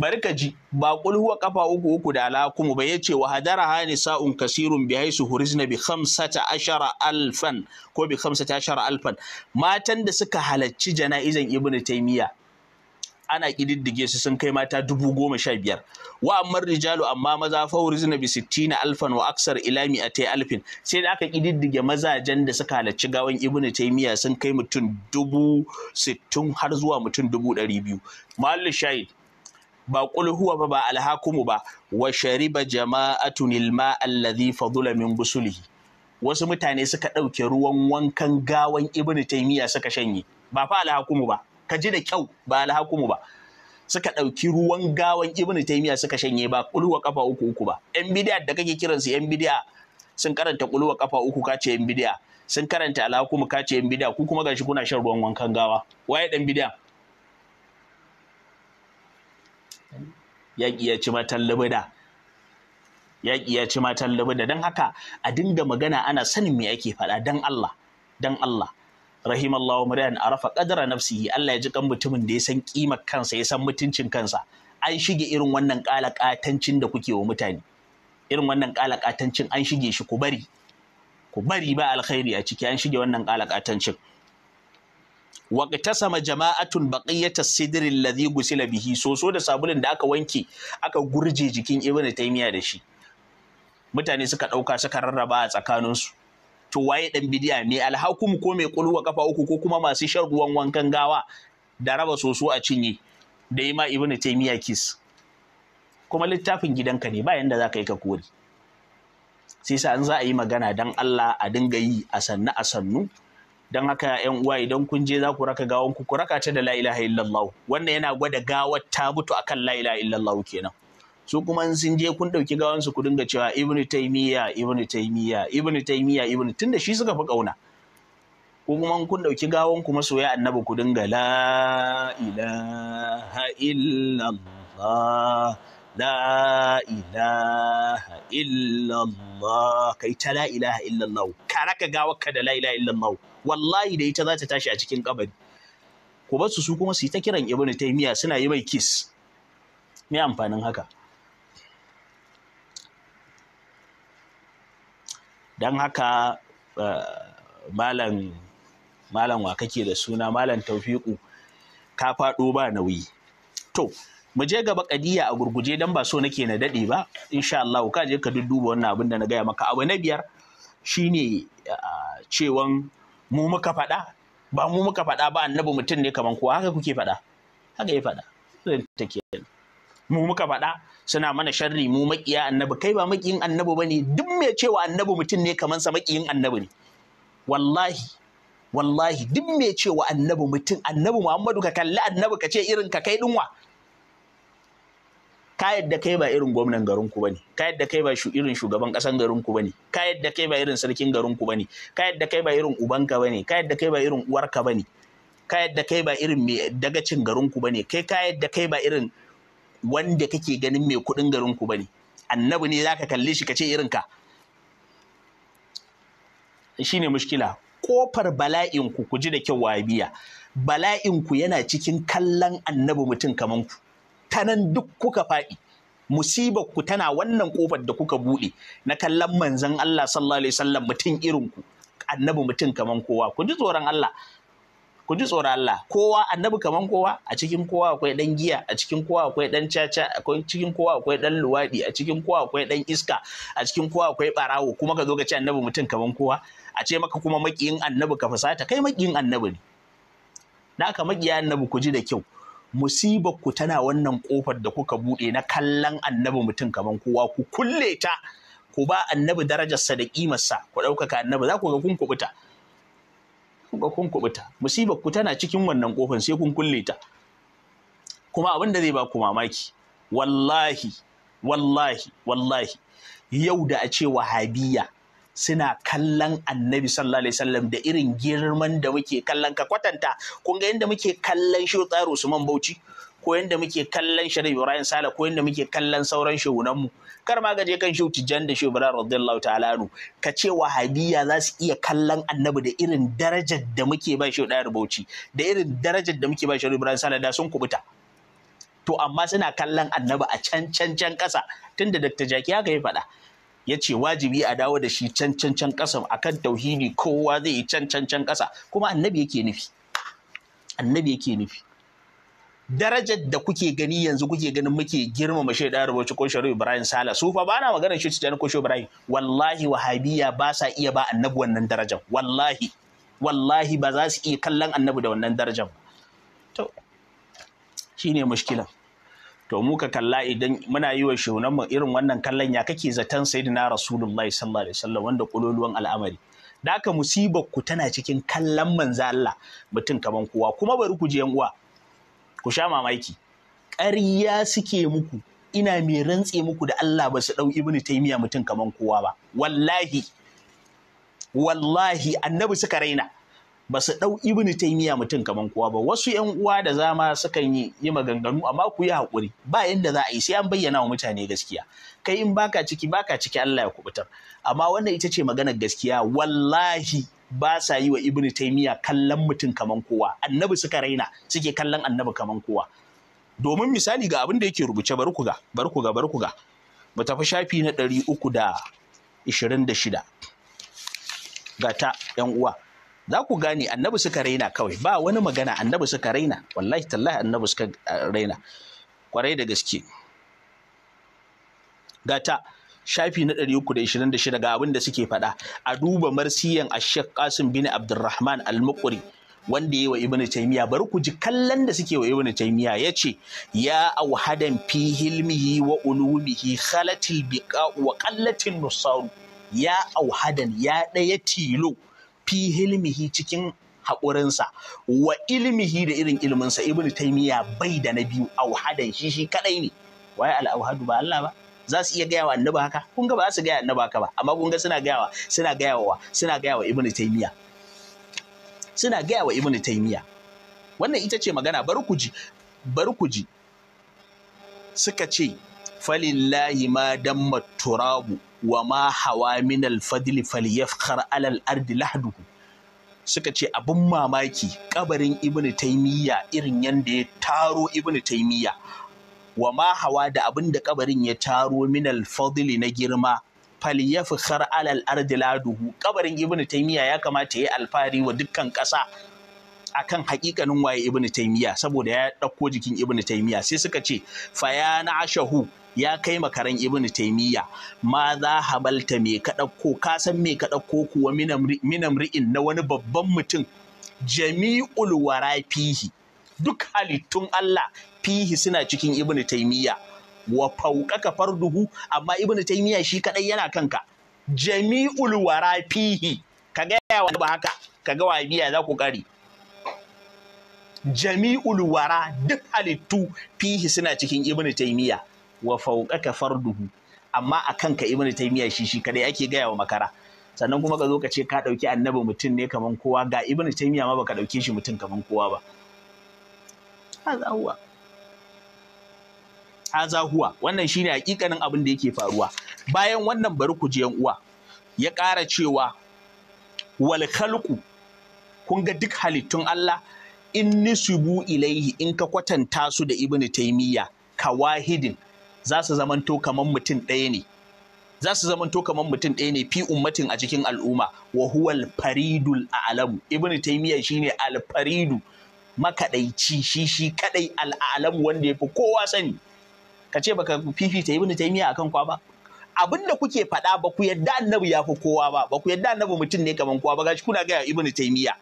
bari ka ji ba qul huwa kafa uku uku da alakum ba yace wa hadara hani sa'un kasirun bi haisu hurizna bi 15000 alfan ko bi 15000 matan da suka halacci jana'izan ibnu taymiya ana kididdige su sun kai mata dubu goma sha biyar wa ammar rijalu amma maza fa hurizna bi sittina alfan wa aksar ilami a tai alfin sai da aka kididdige mazajen da suka halacci gawan ibnu taymiya sun kai mutum dubu sittin har zuwa mutum dubu ɗari biyu shahid ba qul huwa ba ba alhakumu ba wa shariba jama'atun ilma alladhi fadula min busulihi wasu mutane suka ɗauke ruwan wankan gawan ibnu taymiya suka shanye ba fa alhakumu ba ka ji da kyau ba alhakumu ba suka ɗauki ruwan gawan ibnu taymiya suka shanye ba kulwa kafa uku uku ba yan bid'a da kake kiransu yan bid'a sun karanta kulwa kafa uku ka ce yan bid'a sun karanta alhakumu ka ce yan bid'a ku kuma gashi kuna shan ruwan wankan gawa waye dan bid'a yaƙi ya ci matan libida yaƙi ya ci matan libida don haka a dinga magana ana sanin me ake faɗa don Allah don Allah rahimallahu muryan rafa ƙadara nafsihi Allah ya ji kan mutumin da ya san ƙimar kansa ya san mutuncin kansa an shige irin wannan ƙalaƙatancin da kuke wa mutane irin wannan ƙalaƙatancin an shige shi ku bari ku bari ba alkhairi a ciki an shige wannan ƙalaƙatancin waqtasama jama'atun baƙayyata sidirin ladi gusila bihi soso da sabulun da aka wanke aka gurje jikin Ibn taymiya da shi mutane suka ɗauka suka rarraba a tsakanin su to waye ɗan bidiya ne alhakum ko mai ƙulwa kafa uku ko kuma masu shan ruwan wankan gawa da raba soso a cinye da yi ma ibnu kis kuma littafin gidanka ne da za zaka yi ka kori sai sa an za a yi magana dan Allah a dinga yi a sannu a sannu don haka yan uwa idan kun je za ku raka gawon ku raka ta da la ilaha illallah wannan yana gwada gawar ta mutu akan la ilaha illallah kenan su kuma in sun je kun dauki gawan su ku dinga cewa ibnu taymiya ibnu taymiya ibnu taymiya ibnu tunda shi suka fi ƙauna. ko kuma kun dauki gawan ku masoya annabi ku dinga la ilaha illallah la ilaha illallah yi ta la ilaha illallah ka raka gawarka da la ilaha illallah wallahi da ita za ta tashi a cikin kabari ku ba su su kuma su yi ta kiran ibnu taymiya suna yi mai kiss me amfanin haka dan haka eh, malam wa kake da suna malam taufiku ka faɗo ba nauyi to mu je gaba kadiya a gurguje dan ba so nake na dade ba insha Allah ka je ka dudduba wannan abin da na gaya maka abu na biyar shine ah, cewan mu muka fada ba mu muka faɗa ba annabi mutum ne kaman kuwa. haka kuke faɗa haka ya faɗa mu muka fada suna mana sharri mu makiya annabi kai ba makiyin annabi bane duk mai cewa annabi mutum ne kaman sa makiyin annabi ne wallahi wallahi duk mai cewa annabi mutum annabi Muhammadu ka kalli annabi ka ce irin ka kai dinwa ka yadda kai ba irin gwamnan garin ku bane ka yadda kai ba irin shugaban kasan garin ku bane ka yadda kai ba irin sarkin garin ku bane ka yadda kai ba irin ubanka bane ka yadda kai ba irin uwarka bane ka yadda kai ba irin mai dagacin garin ku bane kai ka yadda kai ba irin wanda kake ganin mai kuɗin garin ku bane annabi ne zaka kalle shi kace irin ka ne mushkila kofar bala'in ku ku ji da kyau wabiya bala'in ku yana cikin kallon annabi mutum kaman ku ta nan duk kuka faɗi musibar ku tana wannan kofar da kuka buɗe na kallon manzon Allah sallallahu alaihi wasallam mutum irin ku annabi mutum kaman kowa ku ji tsoron Allah ku ji tsoron Allah kowa annabi kaman kowa a cikin kowa akwai dan giya a cikin kowa akwai dan caca a cikin kowa akwai dan luwadi a cikin kowa akwai dan iska a cikin kowa akwai barawo kuma ka zo ka ce annabi mutum kaman kowa a ce maka kuma makiyin annabi ka fasata kai makiyin annabi ne da aka makiya annabi ku ji da kyau musibar ku tana wannan kofar da kuka buɗe na kallon annabi mutum kamar kowa ku kulle ta ku ba annabi darajarsa da kimarsa ku ɗaukaka annabi za ku ga kun kubuta ga kun kuɓuta musibar ku tana cikin wannan kofar sai kun kulle ta kuma abin da zai ba ku mamaki wallahi wallahi wallahi yau da a ce wahabiyya suna kallon annabi sallallahu alaihi wasallam da irin girman da muke kallon ka kwatanta kun ga yadda muke kallon shi tsaro Usman Bauchi ko yadda muke kallon Sharif Ibrahim Sala ko yadda muke kallon sauran shugunan mu kar ma gaje kan shi tijan da Shehu Ibrahim radiyallahu ta'ala anhu ka ce wahabiya za su iya kallon annabi da irin darajar da muke ba shi Ibrahim Bauchi da irin darajar da muke ba Sharif Ibrahim Sala da sun kubuta to amma suna kallon annabi a can can can ƙasa tunda Dr. Jaki haka ya faɗa ya ce wajibi a dawo da shi can can can ƙasa akan tauhidi kowa zai yi can can can ƙasa kuma annabi yake nufi annabi yake nufi darajar da kuke gani yanzu kuke ganin muke girmama shi da rubuci ko sharu Ibrahim Sala su fa bana magana shi tijani ko Ibrahim wallahi wahabiya ba sa iya ba annabi wannan darajar wallahi wallahi ba za su iya kallon annabi da wannan darajar to shine mushkilan to mu ka kalla idan muna yi wa shunan irin wannan kallon ya kake zaton sayyidina rasulullahi sallallahu alaihi wasallam wanda kululuwan al'amari da haka musibar ku tana cikin kallon manzo Allah mutum kaman kowa kuma bari ku je yan uwa ku sha mamaki ƙarya suke muku ina mai rantse muku da Allah ba su ɗau ibnu taymiya mutum kaman kowa ba wallahi wallahi annabi suka raina ba su ɗau ibn taimiya mutum kamar kowa ba wasu yan uwa da zama sukan yi yi maganganu amma ku yi haƙuri ba inda za a yi sai an bayyana wa mutane gaskiya kai in baka ciki baka ciki Allah ya kubutar amma wannan ita ce maganar gaskiya wallahi ba sa yi wa ibn taimiya kallon mutum kamar kowa annabi suka raina suke kallon annabi kamar kowa domin misali ga abin da yake rubuce bari ku ga bari ku ga bari ku ga mu tafi shafi na ɗari uku da ishirin da shida ga ta 'yan uwa za ku gane annabi suka raina kawai ba wani magana annabi suka raina wallahi tallahi annabi suka eh, raina kwarai da gaske gata shafi na 326 ga abin da suke faɗa a duba marsiyan ashek kasim bin abdurrahman al-muqri wanda yi wa ibnu taymiya bari ku ji kallon da suke wa ibnu taymiya ce ya auhadan fi hilmihi wa ulumihi khalatil biqa wa qallatin nusaru ya auhadan ya ɗaya tilo fi hilmihi cikin haƙurinsa wa ilmihi da irin ilminsa ibn taimiyya bai da na biyu auhadan shi shi kadai ne waye al'auhadu ba Allah ba za su iya gaya wa annaba haka kun ga ba su gaya annaba haka ba amma kun ga suna gaya wa suna gaya wa suna gaya wa ibn taimiyya suna gaya wa ibn taimiyya wannan ita ce magana bari ku ji bari ku ji suka ce falillahi ma dammat turabu wa ma hawa min alfadli falyafkhar alal ard lahduhu suka ce abin mamaki kabarin ibnu taimiyya irin yanda ya taro ibnu taymiya wa ma hawa da abin da kabarin ya taro min alfadli na girma falyafkhar alal ƙabarin lahduhu kabarin ibnu taymiya ya kamata ya yi alfahari wa dukkan ƙasa akan hakikanin waye ibnu taymiya saboda ya ɗauko jikin ibnu taymiya sai suka ce fa ya na'ashahu ya kai makaran ibn taimiyya ma za habalta me ka ɗauko ka san me ka ɗauko kuwa minamri'in na wani babban mutum jami'ul wara fihi duk halittun Allah fihi suna cikin ibn taimiyya wa fauka ka farduhu amma ibn taimiyya shi kaɗai yana kanka jami'ul wara fihi ka gaya wa ba haka ka ga biya za ku ƙari jami'ul wara duk halittu fihi suna cikin ibn taimiyya wa fawqaka farduhu amma a kanka ibn taymiya shi shi kadai ake gaya wa makara sannan kuma ka zo ka ce ka dauki annabi mutum ne kaman kowa ga ibn taymiya ma baka dauke shi mutum kaman kowa ba haza huwa haza huwa wannan shine hakikanin abin da yake faruwa bayan wannan bari ku je uwa ya ƙara cewa wal khalqu kun ga duk halittun Allah in nisubu ilaihi in ka kwatanta su da ibnu taymiya kawahidin za su zamanto kamar mutum ɗaya ne za su zamanto kamar mutum ɗaya ne fi ummatin a cikin al'umma wa huwal faridul a'lamu ibnu taymiya shine al faridu makadaici shi shi kadai al a'lamu wanda yafi kowa sani ka ce baka fifita ibnu taymiya akan kwa ba abin da kuke faɗa ba ku yadda annabi ya fi kowa ba ba ku yadda annabi mutum ne kamar kowa ba gashi kuna gaya ibnu taymiya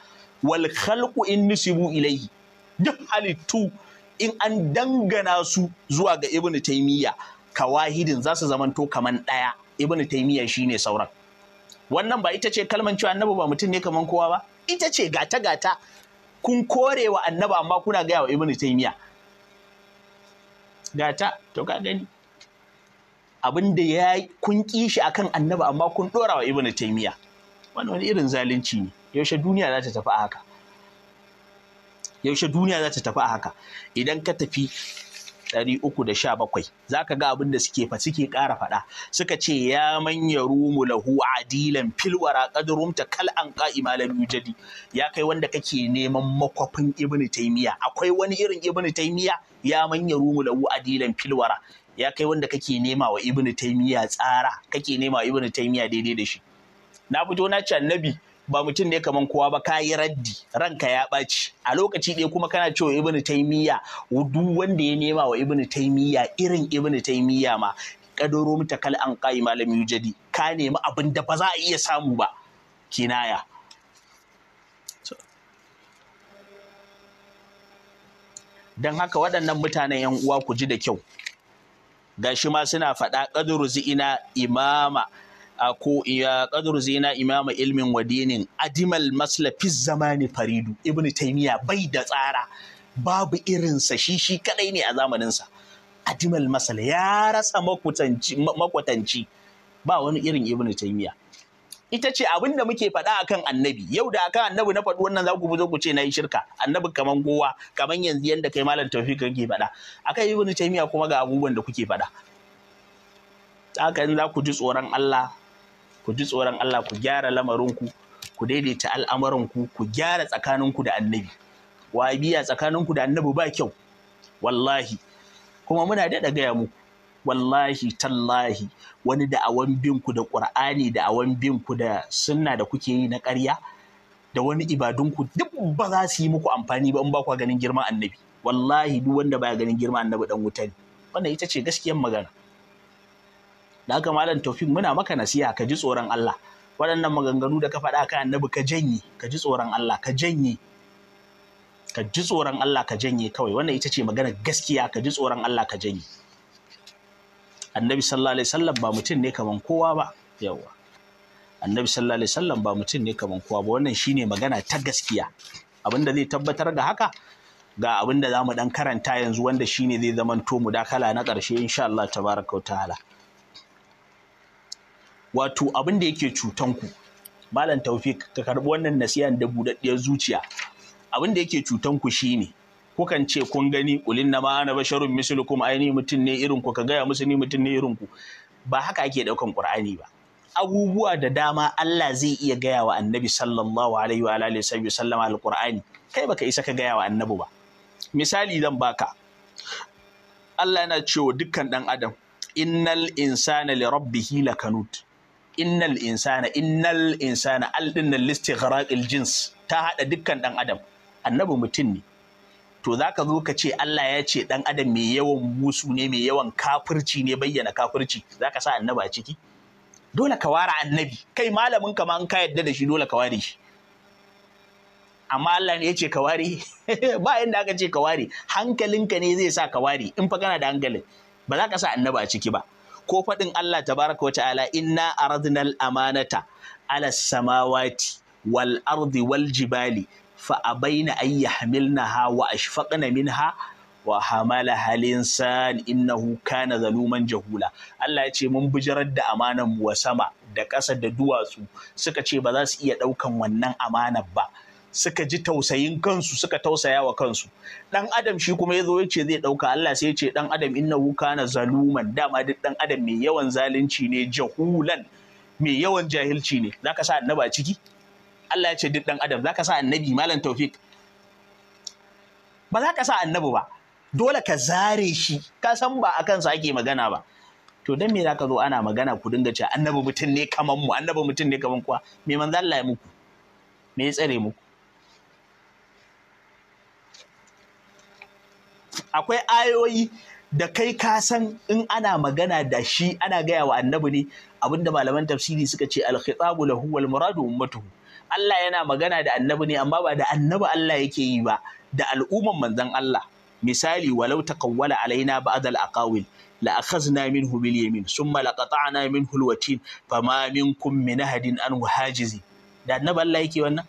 wal khalqu in nusibu ilayhi duk halittu in an dangana su zuwa ga ibn taimiyya kawahidin za su zamanto kaman ɗaya ibn shi shine sauran wannan ba ita ce kalman cewa annabi ba mutum ne kaman kowa ba ita ce gata gata kun kore wa annabi amma kuna gaya wa ibn taimiyya gata to ka gani abin da ya kun kishi akan annabi amma kun dora wa ibn taimiyya wannan wani irin zalunci ne yaushe duniya za ta tafi haka yaushe duniya za ta tafi a haka idan ka tafi ɗari uku da 317 za ka ga abin da suke fa suke ƙara faɗa suka ce ya manya rumu lahu adilan filwara ƙadurumta kal an ƙa'ima lam yujadi ya kai wanda kake neman makwafin ibnu taymiya akwai wani irin ibnu taymiya ya manya rumu lahu adilan filwara ya kai wanda kake nema wa ibnu taymiya tsara kake nema wa ibnu taymiya daidai da shi na fito na ce annabi ba mutum ne kaman kowa ba ka yi raddi ranka ya ɓaci a lokaci ɗaya kuma kana cewa ibnu taimiyya duk wanda ya nema wa ibnu taimiyya irin ibnu taimiyya ma kadoro mu takal an kai malam yujadi ka nemi abin da ba za a iya samu ba kinaya dan haka waɗannan mutanen yan uwa ku ji da kyau gashi ma suna faɗa qadru zina imama ko ya qadru zina imama ilmin wadinin, adimal masla zamani faridu Ibn taymiya bai da tsara babu irinsa shi shi kadai ne a zamaninsa adimal masala ya rasa makwatanci ba wani irin Ibn taymiya ita ce abin da muke faɗa akan annabi yau da akan annabi na faɗi wannan za ku zo ku ce na yi shirka annabi kaman gowa kaman yanzu yanda kai malam tawfiq kake faɗa akan Ibn taymiya kuma ga abubuwan da kuke faɗa haka za ku ji tsoron Allah ku ji tsoron Allah ku gyara lamarinku ku daidaita al'amuranku ku gyara tsakaninku da annabi wa biya tsakaninku da annabi ba kyau wallahi kuma muna daɗa gaya muku wallahi tallahi wani da'awan binku da ƙur'ani da'awan binku da sunna da kuke yi na ƙarya da wani ibadunku duk ba za su yi muku amfani ba in ba ku ganin girman annabi wallahi duk wanda baya ganin girman annabi dan wuta ne wannan ita ce gaskiyar magana da haka malam Taufin muna maka nasiha ka ji tsoron Allah waɗannan maganganu da ka faɗa kan annabi ka janye ka ji tsoron Allah ka janye ka ji tsoron Allah ka janye kawai wannan ita ce magana gaskiya ka ji tsoron Allah ka janye annabi sallallahu alaihi wasallam ba mutum ne kaman kowa ba yawa annabi sallallahu alaihi wasallam ba mutum ne kaman kowa ba wannan shine magana ta gaskiya abinda zai tabbatar da haka ga abin za zamu dan karanta yanzu wanda shine zai zamanto dakala na ƙarshe insha Allah tabaraka wa ta'ala wato abin da yake cutan ku malam taufik ka karbi wannan nasiyan da budaddiyar zuciya abin da yake cutan ku shine kukan ce kun gani kulin na ma'ana basharun Ai ni mutum ne irin ku ka gaya musu ni mutum ne irin ku ba haka ake daukan qur'ani ba abubuwa da dama Allah zai iya gaya wa annabi sallallahu alaihi wa alihi sallama alqur'ani kai baka isa ka gaya wa annabi ba misali zan baka Allah yana cewa dukkan dan adam innal insana li rabbihi lakanut innal insana innal insana al dinnan listighraqil jins ta haɗa dukkan ɗan adam annabi mutum ne to ka zo ka ce Allah ya ce dan adam mai yawan musu ne mai yawan kafirci ne bayyana kafirci ka sa annaba a ciki dole ka ware annabi kai malamin ka ma in ka yadda da shi dole ka ware shi amma Allah ne ya ce ka ware (laughs) ba inda aka ce ka ware hankalinka ne zai sa ka ware in fa kana da hankalin ba za ka sa annaba a ciki ba ko faɗin Allah tabaraka wa ta'ala inna aradnal amanata ala samawati wal ardi wal jibali fa abaina an yahmilnaha wa ashfaqna minha wa hamala halin san innahu kana zaluman jahula Allah ya ce mun bijirar da amanan mu wa sama da ƙasa da duwatsu suka ce ba za su iya ɗaukan wannan amanar ba suka ji tausayin kansu suka tausaya wa kansu dan adam shi kuma ya zo ya ce zai ɗauka Allah sai ya ce dan adam innahu kana zaluman dama duk dan adam mai yawan zalunci ne jahulan mai yawan jahilci ne zaka sa annaba a ciki Allah ya ce duk dan adam zaka sa annabi malam tawfik ba za ka sa annabi ba dole ka zare shi ka san ba a kansa ake magana ba to dan me zaka zo ana magana ku dinga cewa annabi mutum ne kaman mu annabi mutum ne kaman kuwa me manzo Allah ya muku me ya tsare muku akwai ayoyi da kai ka san in ana magana da shi ana gaya wa annabi ne abinda malaman tafsiri suka ce al lahu wal muradu ummatuhu Allah yana magana da annabi ne amma ba da annabi Allah yake yi ba da al'umman manzan Allah misali walau taqawwala alaina ba'd al-aqawil la akhazna minhu bil yamin thumma qata'na minhu al-watin fama minkum min ahadin an wahajizi da annabi Allah yake wannan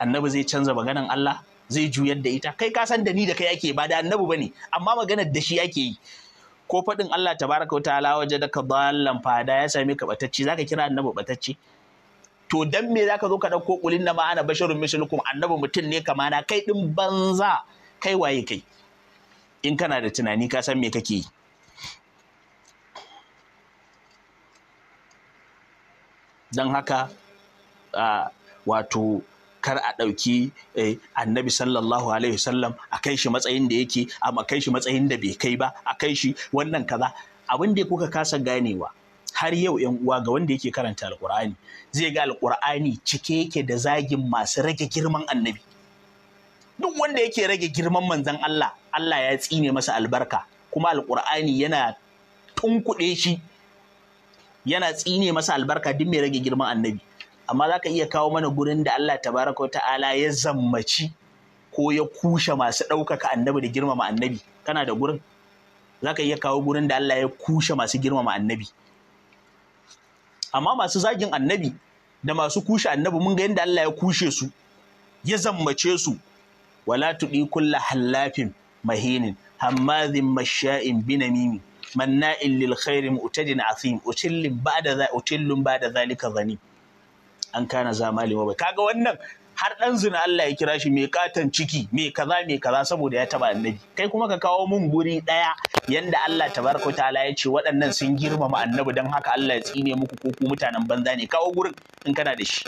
annabi zai canza maganan Allah zai juyar da ita kai ka san da ni da kai ake ba da annabi bane amma maganar da shi ake yi ko faɗin Allah tabaraka wa ta'ala waje da ka ballan fada ya same ka batacci zaka kira annabi batacci to dan me zaka zo ka dauko kulin na ma'ana basharun mislukum annabi mutum ne kama na kai din banza kai waye kai in kana da tunani ka san me kake yi don haka wato kar a ɗauki eh, annabi sallallahu alaihi wasallam a kai shi matsayin da yake a kai shi matsayin da bai kai ba a kai shi wannan kaza abin da kuka kasa ganewa har yau yan uwa ga wanda yake karanta alkur'ani zai ga alkur'ani cike yake da zagin masu rage girman annabi duk wanda yake rage girman manzon Allah Allah ya tsine masa albarka kuma alkur'ani yana tunkuɗe shi yana tsine masa albarka duk mai rage girman annabi amma za ka iya kawo mana gurin da Allah tabaraka ta'ala ya zammaci ko ya kushe masu ɗaukaka annabi da girmama annabi kana da gurin za ka iya kawo gurin da Allah ya kushe masu girmama annabi amma masu zagin annabi da masu kushe annabi mun ga yadda Allah ya kushe su ya zammace su wala tuɗi kulla hallafin mahinin hammazin masha'in binamimi manna'in lil khairi mu'tadin asim utillin ba da zalika zanim an kana za malima ba kaga wannan har dan zina Allah ya kira shi mai katon ciki mai kaza mai kaza saboda ya taba annabi kai kuma ka kawo mun guri daya yanda Allah tabaraka taala ya ce waɗannan sun girmama annabi dan haka Allah ya tsine muku ko ku mutanen banza ne kawo gurin in kana da shi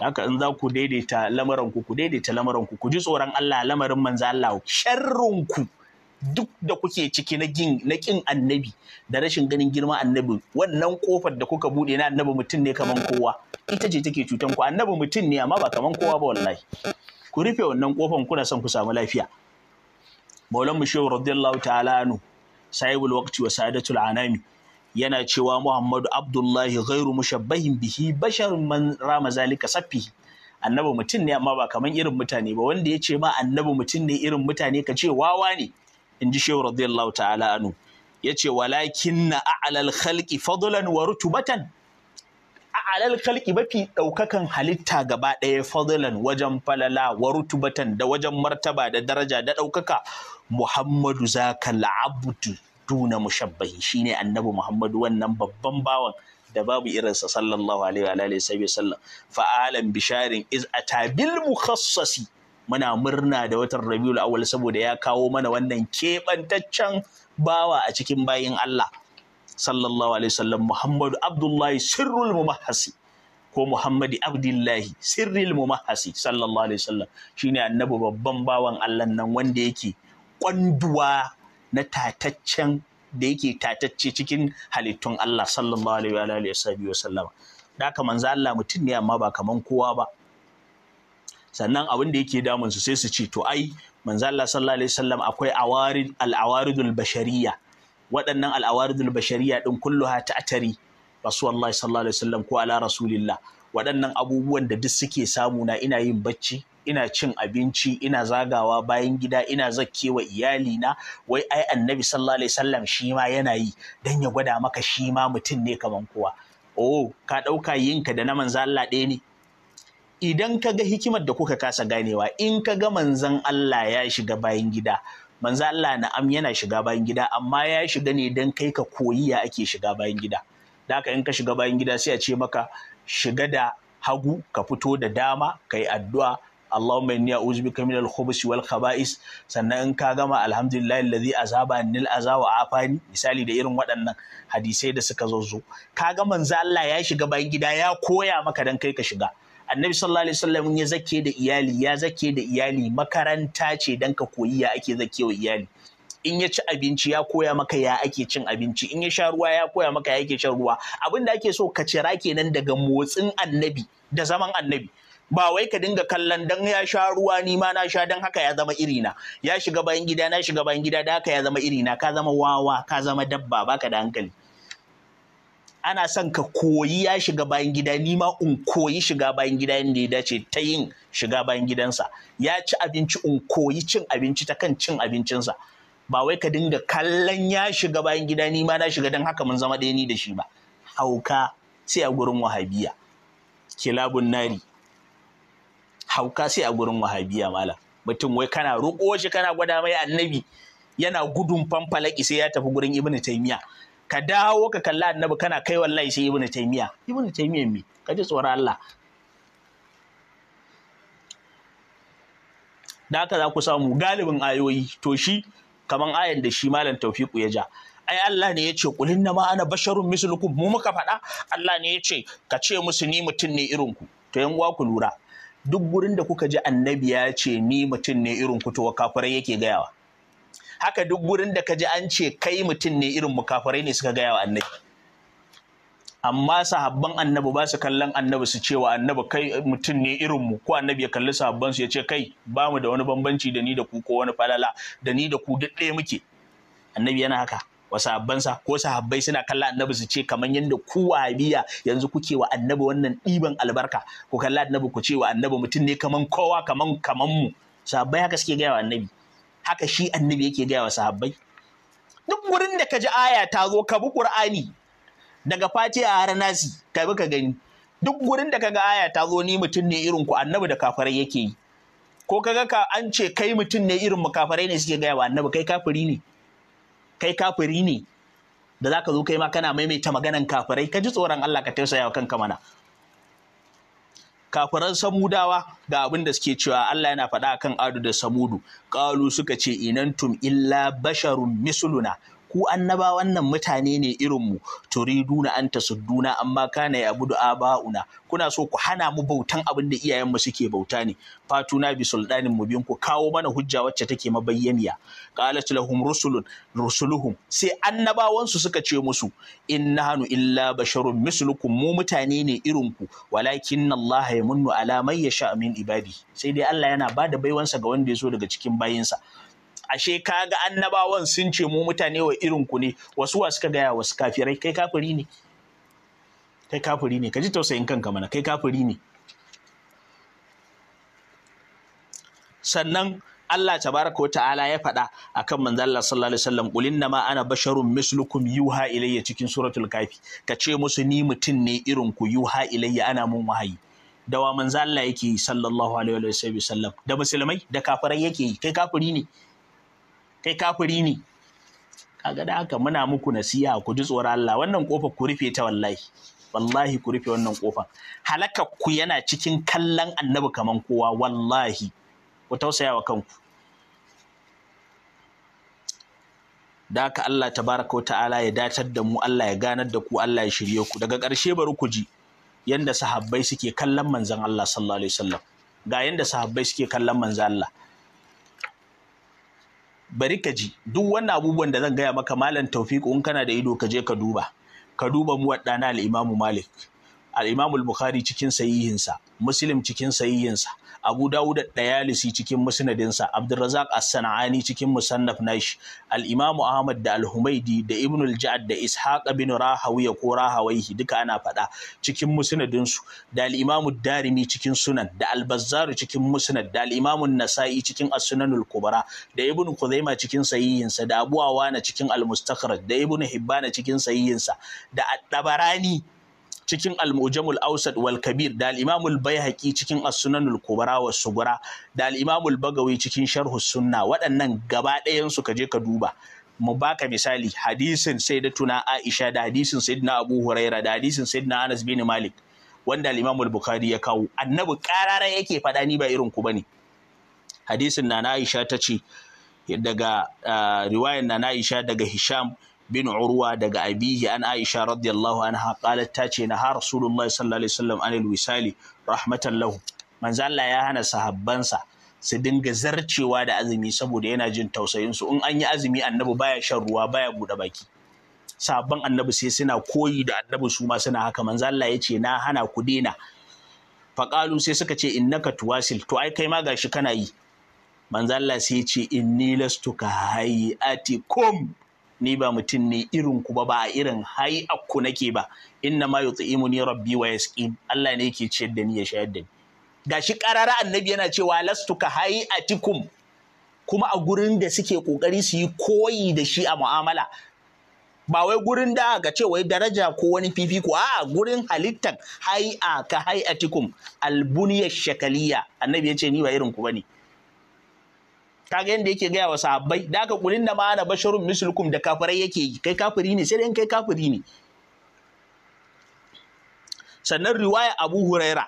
haka in za ku daidaita lamarin ku ku daidaita lamarin ku ku ji tsoron Allah lamarin manzo Allah sharrun ku duk da kuke ciki na kin annabi da rashin ganin girma annabi wannan kofar da kuka bude na annabi mutum ne kaman kowa ita ce take cutan ku annabi mutum ne amma ba kaman kowa ba wallahi ku rufe wannan kofar kuna son ku samu lafiya maulan mu shehu radiyallahu ta'ala anu sahibul waqti wa sadatul anami yana cewa muhammadu abdullahi ghairu mushabbahin bihi bashar man rama zalika safi annabi mutum ne amma ba kaman irin mutane ba wanda ya ce ma annabi mutum ne irin mutane ka ce wawa ne in ji shehu radiyallahu ta'ala anu ya ce walakin na a'alal khalqi fadlan wa rutubatan a'alal khalqi mafi ɗaukakan halitta gaba ɗaya fadlan wajen falala wa rutubatan da wajen martaba da daraja da ɗaukaka muhammadu zaka abdu duna mushabbahi shine annabi muhammadu wannan babban bawan da babu irinsa sallallahu alaihi wa alihi sallam fa'alan bisharin iz atabil mukhassasi muna murna da watan rabiul Awal saboda ya kawo mana wannan keɓantaccen bawa a cikin bayin Allah sallallahu alaihi wasallam Muhammadu Abdullahi sirrul mumahasi ko Muhammadu Abdullahi sirrul mumahasi sallallahu alaihi wasallam shine annabi babban bawan Allah nan wanda yake kwanduwa na tataccen da yake tatacce cikin halittun Allah sallallahu alaihi wa alihi wasallam da haka manzo Allah mutum ne amma ba kaman kowa ba sannan abin da yake damun su sai su ce to ai manzo Allah sallallahu alaihi wasallam akwai awarid al-awaridul bashariyya waɗannan al-awaridul bashariyya din kulluha ta'tari rasulullah sallallahu alaihi wasallam ko ala rasulillah waɗannan abubuwan da duk suke samu na ina yin bacci ina cin abinci ina zagawa bayan gida ina zakkewa na wai ai annabi sallallahu alaihi wasallam shi ma yana yi dan ya gwada maka shi ma mutum ne kaman kowa oh ka ɗauka yinka da na manzo Allah ɗaya ne idan ka ga hikimar da kuka kasa ganewa in ka ga manzan Allah ya shiga bayan gida manzan Allah na na'am yana shiga bayan gida amma ya shiga ne don kai ka koyi ya ake shiga bayan gida da haka in ka shiga bayan gida sai a ce maka shiga da hagu ka fito da dama ka yi addu'a Allahumma inni a'udhu bika min al-khubuth wal khaba'is sannan in ka gama alhamdulillah allazi azaba nil azawa afani misali da irin waɗannan hadisai da suka zazzo. ka ga manzo Allah ya shiga bayan gida ya koya maka dan kai ka shiga annabi sallallahu alaihi wasallam ya zake da iyali ya zake da iyali makaranta ce dan ka koyi ya ake zakewa iyali in ya ci abinci ya koya maka ya ake cin abinci in ya sha ruwa ya koya maka ya ake shan ruwa abin da ake so ka cira kenan daga motsin annabi da zaman annabi ba wai ka dinga kallon dan ya sha ruwa ni ma na sha dan haka ya zama irina ya shiga bayan gida na shiga bayan gida da haka ya zama irina ka zama wawa ka zama dabba baka da hankali ana son ka koyi ya shiga bayan gida ni ma in koyi shiga bayan gida yadda ya dace ta yin shiga bayan gidansa ya ci abinci in koyi cin abinci ta kan cin abincinsa ba wai ka dinga kallon ya shiga bayan gida ni ma na shiga don haka mun zama ɗaya ni da shi ba hauka sai a gurin wahabiya kilabun nari hauka sai a gurin wahabiya malam mutum wai kana roƙo shi kana gwada mai annabi yana gudun fanfalaki sai ya tafi gurin ibnu taymiya ka dawo ka kalla annabi kana kai wallahi sai ibnu taymiya ibnu taymiya me ka ji tsoron Allah da haka za ku samu galibin ayoyi to shi kaman ayan da shi malam tawfiqu ya ja ai Allah ne yace ce kulin na ma ana basharun mislukum mu muka faɗa Allah ne yace ce ka ce musu ni mutum ne irin ku to yan uwa ku lura duk gurin da kuka ji annabi ya ce ni mutum ne irin ku to kafirai yake gayawa haka duk gurin da ka ji an ce kai mutum ne irin mukafarai ne suka gaya wa annabi amma sahabban annabi ba su kallon annabi su cewa annabi kai mutum ne irin mu ko annabi ya kalli sahabban su ya ce kai ba mu da wani bambanci da ni da ku ko wani falala da ni da ku duk ɗaya muke annabi yana haka wa sahabbansa ko sahabbai suna kallon annabi su ce kamar yadda ku wahabiya yanzu kuke wa annabi wannan ɗiban albarka ku kalla annabi ku ce wa annabi mutum ne kamar kowa kamar mu sahabbai haka suke gaya wa annabi haka shi annabi yake gaya wa sahabbai duk wurin da ka ji aya ta zo ka bi qur'ani daga fatiha har nasi ka bi ka gani duk wurin da kaga aya ta zo ni mutum ne irin ku annabi da kafirai yake yi ko kaga ka an ce kai mutum ne irin mu kafarai ne suke gaya wa annabi kai kafiri ne kai kafiri ne da zaka zo kai ma kana maimaita maganan kafirai ka ji tsoron Allah ka tausaya wa kanka mana kafiran samudawa ga abin da suke cewa Allah yana faɗa kan adu da samudu ƙalu suka ce inantum illa basharun misuluna. ku annaba wannan mutane ne irin irinmu turiduna an tasudduna amma kana ya budu aba'una kuna so ku hana mu bautan abin da iyayenmu suke bauta ne fatuna bi mu bin ku kawo mana hujja wacce take mabayyaniya qalat lahum rusulun rusuluhum sai annabawan su suka ce musu innahanu illa basharun mislukum mu mutane ne irinku walakin Allah munnu ala man yasha min ibadi sai dai Allah yana bada baiwansa ga wanda ya so daga cikin bayinsa ashe ka ga annabawan sun ce mu mutane wa irin ku ne wasu wa suka gaya wasu kafirai kai kafiri ne kai kafiri ne ka ji tausayin kanka mana kai kafiri ne sannan Allah tabaraka wa ta'ala ya faɗa akan manzo Allah sallallahu alaihi wasallam qul innama ana basharun mislukum yuha ilayya cikin suratul kafi ka ce musu ni mutum ne irin ku yuha ilayya ana mun wahayi dawa manzo Allah yake sallallahu alaihi wasallam da musulmai da kafirai yake kai kafiri ne kai kafiri ne kaga da haka muna muku nasiha ku ji tsoron Allah wannan kofa ku rufe ta wallahi wallahi ku rufe wannan kofa halakar ku yana cikin kallon annabi kamar kowa wallahi ku tausaya wa kanku da haka Allah tabaraka ta'ala ya datar da mu Allah ya ganar da ku Allah ya shirye ku daga ƙarshe bari ku ji yanda sahabbai suke kallon manzon Allah sallallahu alaihi wasallam ga yanda sahabbai suke kallon manzon Allah bari ka ji duk wannan abubuwan da zan gaya maka malam taufiq in kana da ido ka je ka duba ka duba mu wadana al-imamu malik al-imamu al-bukhari cikin sahihinsa muslim cikin sahihinsa abu dawud dayalisi cikin musnadinsa abdurrazak as-sana'ani cikin musannaf Nash al-imamu ahmad da al-humaidi da ibn al da ishaq bin rahawiya ko rahawaihi duka ana faɗa cikin musnadinsu da al-imamu darimi cikin sunan da al-bazzar cikin musnad da al-imamu nasa'i cikin as-sunanul kubra da ibn khuzaima cikin sahihinsa da abu awana cikin al-mustakhraj da ibn na cikin sahihinsa da ad cikin Almu'jamul, mujamul awsat wal kabir da al-imamul bayhaqi cikin as-sunanul kubra wa sugura da al-imamul bagawi cikin Sharhu, sunna waɗannan gaba ɗayan su ka je ka duba mu baka misali hadisin sayyidatuna Aisha da hadisin sayyidina Abu Huraira da hadisin sayyidina Anas bin Malik wanda al-Imam al-Bukhari ya kawo annabi qarara yake faɗa ni ba irin ku bane hadisin na Aisha tace daga ah, riwayar na Aisha daga Hisham bin urwa daga abihi an aisha radiyallahu anha qalat ta ce na har rasulullahi sallallahu alaihi wasallam anil wisali rahmatan lahu manzo Allah ya hana sahabbansa su dinga zarcewa da azumi saboda yana jin tausayin su in an yi azumi annabi baya shan ruwa baya bude baki Sahabban annabi sai suna koyi da annabi su ma suna haka manzo Allah ya ce na hana ku dena faqalu sai suka ce innaka tuwasil to ai kai ma gashi kana yi manzo Allah sai ya ce inni lastu ka ni ba mutum ne irin ku ba ba a irin hai akku nake ba inna ma ni rabbi wa yasqin Allah ne yake ciyar da ni ya shayar da ni gashi karara annabi yana cewa lastu ka hai atikum kuma a gurin da suke kokari su yi koyi da shi a mu'amala ba wai gurin da ga ce wai daraja ko wani fifiko a gurin halittan hai'a ka hai'atikum albuniya shakaliya annabi ya ce ni ba irin ku bane kaga yanda yake gaya wa sahabbai da aka kulin da ma'ana basharun mislukum da kafirai yake yi kai kafiri ne sai dai kai kafiri ne sannan riwaya Abu Huraira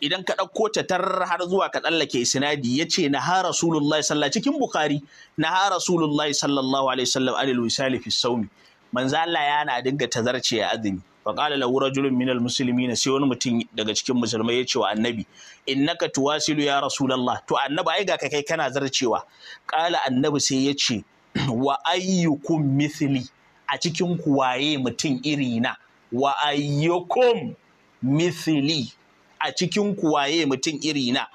idan ka ɗauko ta tar har zuwa ka tsallake sinadi ya ce na ha rasulullahi sallallahu cikin bukari na ha rasulullahi sallallahu alaihi wasallam alil wisali fi saumi manzo Allah yana dinga tazarce ya azumi fa qala lahu rajulun musulmi na sai wani mutum daga cikin musulmai ya ce wa annabi innaka tuwasilu ya rasulullah to annabi ai ga ka kai kana zarcewa qala annabi sai ya ce wa ayyukum mithli a cikin ku waye mutum na? wa ayyukum mithli a cikin ku waye mutum irina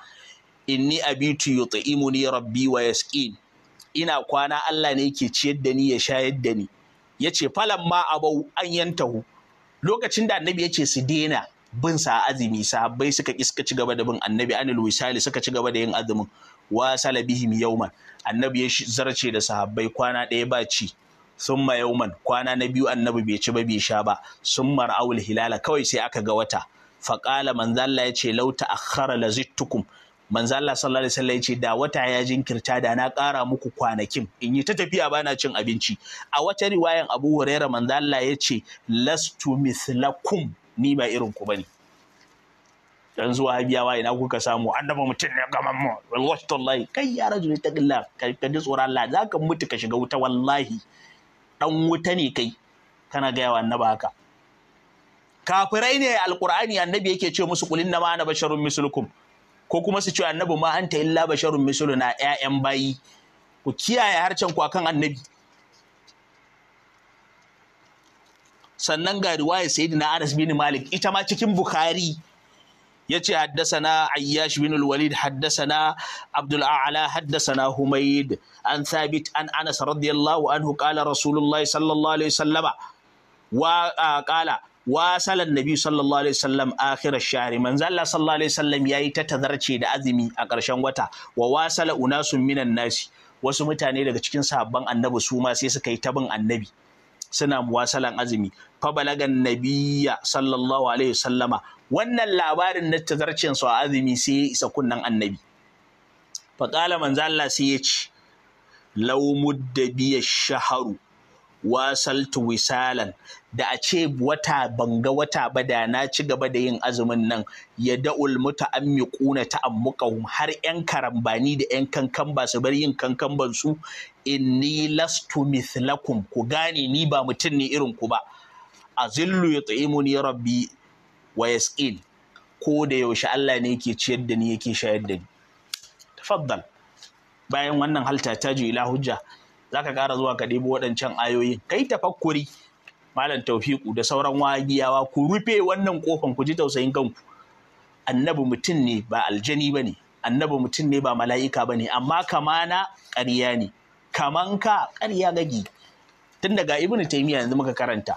inni abitu yut'imuni rabbi wa yasqin ina kwana Allah ne yake ciyar da ni ya shayar da ni yace falamma abau an yantahu lokacin da annabi ya ce su daina bin sa azumi sahabbai suka ki suka ci gaba da bin annabi anil wisali suka ci gaba da yin azumin wa salabihim yauman annabi ya zarce da sahabbai kwana ɗaya ba ci summa yawman kwana na biyu annabi bai ci ba bai sha ba summa ra'awul hilala kawai sai aka ga wata faƙala manzalla ya ce lauta akhara lazittukum manzo Allah sallallahu alaihi ya ce da wata ya jinkirta da na ƙara muku kwanakin in yi ta tafiya bana cin abinci a wata riwayan Abu Huraira manzo Allah ya ce lastu mislakum ni ba irin ku bane dan zuwa habiyawa ina kuka samu annaba mutum ne gaman mu wallahi tallahi kai ya rajul taqilla ka ji tsoron Allah zaka mutu ka shiga wuta wallahi dan wuta ne kai kana ga yawa annaba haka kafirai ne alqur'ani annabi yake ce musu kulinna ma na basharun mislukum ko kuma su ce annabi ma anta illa basharun na ƴaƴan bayi ku kiyaye harcen ku akan annabi sannan ga riwaya sayyidina Anas bin Malik ita ma cikin Bukhari yace haddasana Ayyash bin al-Walid haddasana Abdul A'la haddasana Humayd an Sabit an Anas radiyallahu anhu qala Rasulullah sallallahu alaihi wasallama wa qala wasalan nabi sallallahu alaihi wasallam akhir ash-shahr manzo sallallahu alaihi wasallam yayi ta tazarce da azumi a ƙarshen wata wa wasala unasun minan nasi wasu mutane daga cikin sahabban annabi su ma sai suka yi bin annabi suna muwasalan azumi fa balagan nabiyya sallallahu alaihi wasallama wannan labarin na tazarcin a azumi sai ya isa kunnan annabi fa qala manzo sai ya ce law mudda biya shaharu wasaltu wisalan da a ce wata banga wata ba da na ci gaba da yin azumin nan ya da'ul ta ta'ammuqahum har yan karambani da yan kankan ba su bar yin kankan ban su inni lastu mithlakum ku gane ni ba mutum ne irin ku ba azillu yut'imuni rabbi wa yasqin ko da yaushe Allah ne yake ciyar da ni yake shayar da ni tafaddal bayan wannan halta ta ila hujja Za ka ƙara zuwa ka ɗebo waɗancan ayoyin. kai tafakkuri malam taufiku da sauran wagiyawa ku rufe wannan kofan ku ji tausayin kanku annabi mutum ne ba aljani ba ne, annabi mutum ne ba mala'ika ba ne, amma kamana ƙarya ne kaman ka ƙarya gagi tun daga ibn taymiya yanzu muka karanta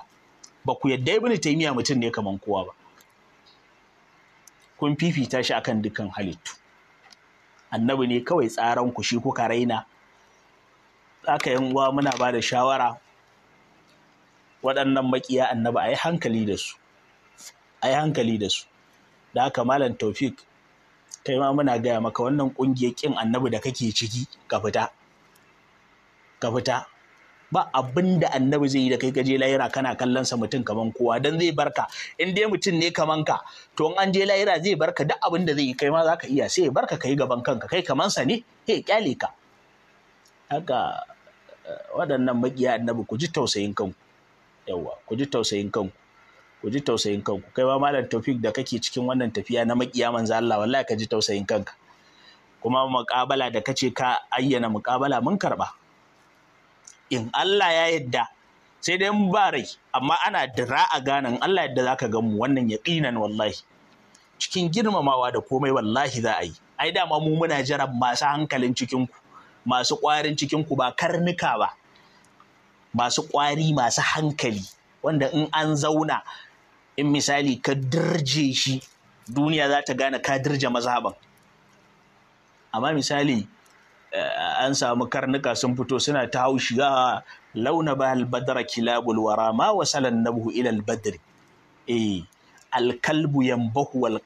ba ku yadda ibn taymiya mutum ne kaman kowa ba kun fifita shi akan dukkan halittu annabi ne kawai tsaran ku shi kuka raina haka yan uwa muna ba da shawara waɗannan makiya annaba a yi hankali da su a yi hankali da su da haka malam taufik kai ma muna gaya maka wannan ƙungiyar ƙin annabi da kake ciki ka fita ka fita ba abin da annabi zai yi da kai gaje lahira kana kallon sa mutum kaman kowa dan zai barka in dai mutum ne kaman ka to in an je lahira zai barka duk abin da zai yi kai ma zaka iya sai ya barka kai gaban kanka kai kaman sa ne he kyale ka haka waɗannan magiya annabi ku ji tausayin kanku yawa ku ji tausayin kanku ku ji tausayin kanku kai ma malam tafiq da kake cikin wannan tafiya na makiya manzo Allah wallahi ka ji tausayin kanka kuma muƙabala da kace ka ayyana muƙabala mun karba in Allah ya yadda sai dai mun ba rai amma ana dira a ganin Allah yadda zaka ga mu wannan yaqinan wallahi cikin girmamawa da komai wallahi za a yi ai dama mu muna jiran masu hankalin cikin ku masu ƙwarin cikin ku ba karnuka ba masu ƙwari masu hankali wanda in an zauna in misali ka dirje shi duniya za ta gane ka dirje mazhaban amma misali eh, an samu karnuka sun fito suna ta haushi ga ah, launa ba albadara kilabul wara ma wasalan nabhu ila albadri eh alkalbu yambahu wal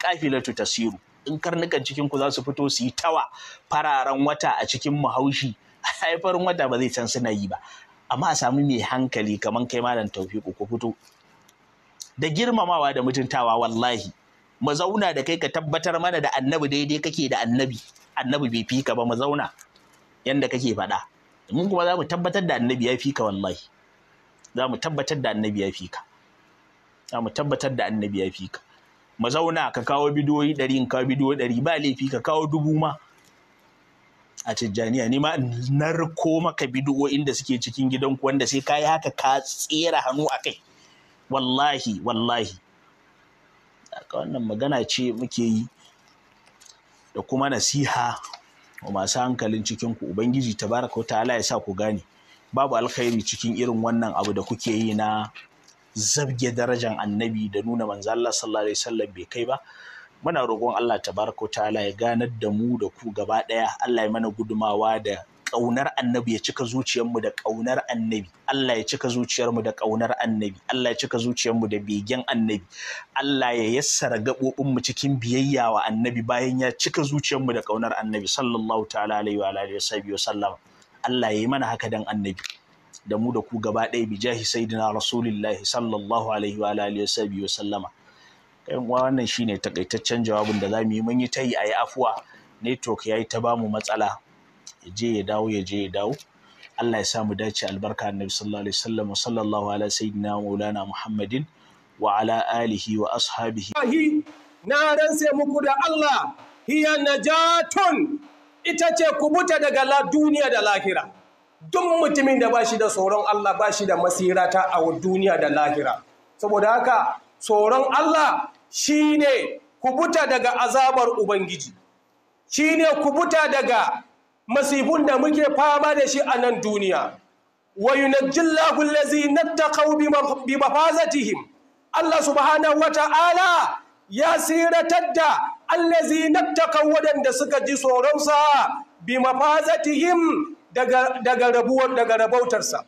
tasiru in karnukan cikin ku za su fito su yi tawa fararen wata a cikin mahaushi a (laughs) haifarin wata ba zai can suna yi ba amma a sami mai hankali kamar kai malam taufiku ku fito da girmamawa da mutuntawa wallahi mu zauna da kai ka tabbatar mana da annabi daidai kake da annabi annabi bai fi ka ba mu zauna yanda kake faɗa mun kuma za mu tabbatar da annabi ya fi ka wallahi za mu tabbatar da annabi ya fi ka za mu tabbatar da annabi ya fi ka mu zauna ka kawo bidiyoyi ɗari in kawo bidiyoyi ɗari ba laifi ka kawo dubu ma a tijjaniya ne ma narko maka bidiyoyin inda suke cikin gidanku wanda sai ka yi haka ka tsera hannu a kai wallahi wallahi haka wannan magana ce muke yi da kuma nasiha wa masu hankalin cikinku ubangiji tabaraka wa ta'ala ya sa ku gane babu alkhairi cikin irin wannan abu da kuke yi na zabge darajan annabi da nuna manzo Allah sallallahu alaihi wasallam bai kai ba muna roƙon Allah tabaraka ta'ala ya ganar da mu da ku gaba ɗaya Allah ya mana gudumawa da ƙaunar annabi ya cika zuciyarmu da ƙaunar annabi Allah ya cika zuciyarmu da ƙaunar annabi Allah ya cika zuciyarmu da begen annabi Allah ya yassara mu cikin biyayya wa annabi bayan ya cika zuciyarmu da ƙaunar annabi sallallahu ta'ala alaihi wa alihi wa sallam Allah ya yi mana haka dan annabi da mu da ku gaba ɗaya bi jahi sayyidina rasulillahi sallallahu alaihi wa alihi wa sallama kayan wannan shine takaitaccen jawabin da zamu yi mun yi ta yi ayi afuwa network yayi ta bamu matsala ya je ya dawo ya je ya dawo Allah ya sa mu dace albarka annabi sallallahu alaihi wasallam sallallahu ala sayyidina maulana muhammadin wa ala alihi wa ashabihi na ranse muku da Allah hiya najatun ita ce kubuta daga duniya da lahira duk mutumin da ba shi da tsoron Allah ba shi da masirata a duniya da lahira saboda haka tsoron Allah shi shine kubuta daga azabar ubangiji Shi shine kubuta daga masifun da muke fama da shi a nan duniya wa lazi na nattaqaw bi mafazatihim Allah subhanahu Ta'ala ya siratar da allazi nattaqaw waɗanda suka ji tsoronsa sa bi mafazatihim daga rabuwar daga rabautarsa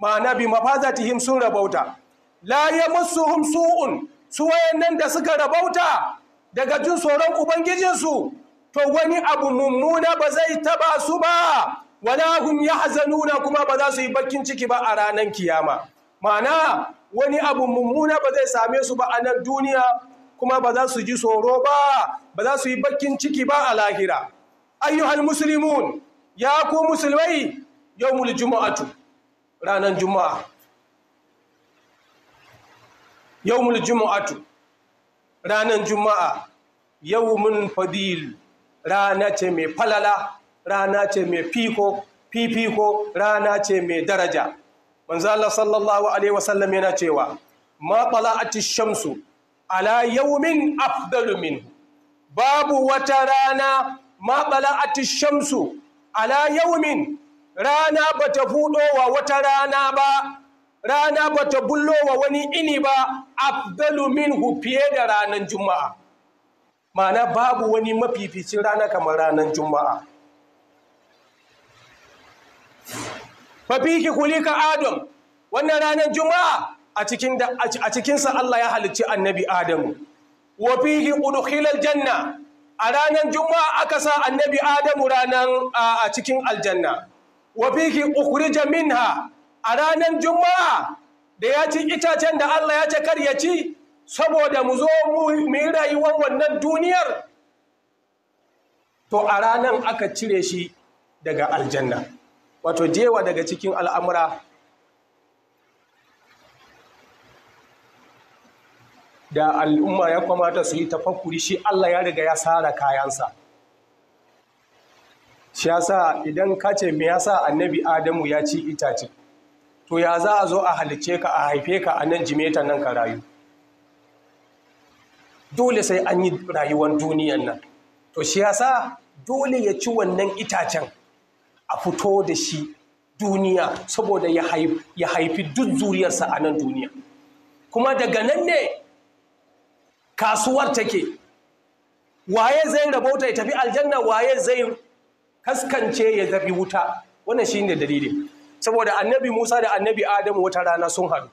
na bi mafazatihim sun rabauta la yamassuhum su'un su wayannan da suka rabauta daga jin tsoron ubangijinsu to wani abu mummuna ba zai taba su ba wala hum yahzanuna kuma ba za su yi bakin ciki ba a ranar kiyama ma'ana wani abu mummuna ba zai same su ba a nan duniya kuma ba za su ji tsoro ba ba za su yi bakin ciki ba a lahira ayyuhal muslimun ya ku musulmai Yau yawmul juma'atu ranan juma'a yawmul juma'atu ranan juma'a mun fadil rana ce mai falala rana ce mai fiko fifiko rana ce mai daraja manzo Allah sallallahu alaihi wasallam yana cewa ma tala'ati shamsu ala yawmin afdalu min babu wata rana ma tala'ati shamsu ala yaumin rana bata fudo wa wata rana ba rana bata bullo wa wani ini ba afdalu minhu fiye da ranar juma'a mana babu wani mafificin rana kamar ranar juma'a fafiki kulika adam wannan ranar juma'a a cikinsa Allah ya halicci annabi adamu wa fihi udkhilal janna a ranar juma'a aka sa annabi adamu ranar a cikin aljanna wa fihi ukhrija minha a ranar juma'a da ya ci itacen da Allah ya ce kar ya ci saboda mu zo mu yi rayuwar wannan duniyar to a ranar aka cire shi daga aljanna wato jewa daga cikin al'amura da al'umma ya kamata su yi tafakuri, shi Allah ya riga ya sara kayansa shi yasa idan ka ce me yasa annabi Adamu ya ci itace to ya za a zo a halice ka a haife ka a nan jimeta nan ka rayu dole sai an yi rayuwar duniyan nan to shi yasa dole ya ci wannan itacen a fito da shi duniya saboda ya haifi duk zuriyarsa a nan duniya kuma daga nan ne kasuwar take waye zai ta ya tafi aljanna waye zai kaskance ya tafi wuta wannan shi ne dalilin saboda annabi Musa da annabi Adamu wata rana sun haɗu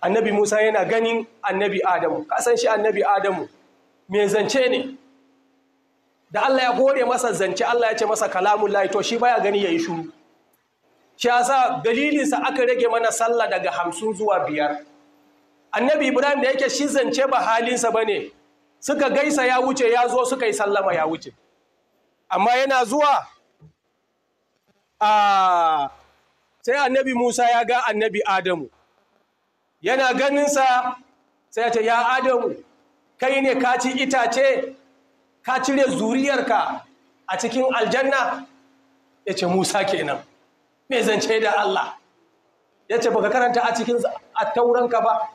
annabi Musa yana ganin annabi Adamu kasan shi annabi Adamu me zance ne da Allah ya kore masa zance Allah ya ce masa kalamun layi, to shi baya gani ya yi shuru shi yasa dalilinsa aka rage mana sallah daga hamsin zuwa biyar annabi ibrahim da yake shi zance ba halinsa ba ne suka gaisa ya wuce ya zo suka yi sallama ya wuce amma yana zuwa a sai annabi musa ya ga annabi adamu yana ganinsa sai ta ya adamu kai ne ka ci itace ka cire zuriyarka a cikin aljanna ya ce musa kenan mai zance da allah ya ce baka karanta a cikin attauranka ba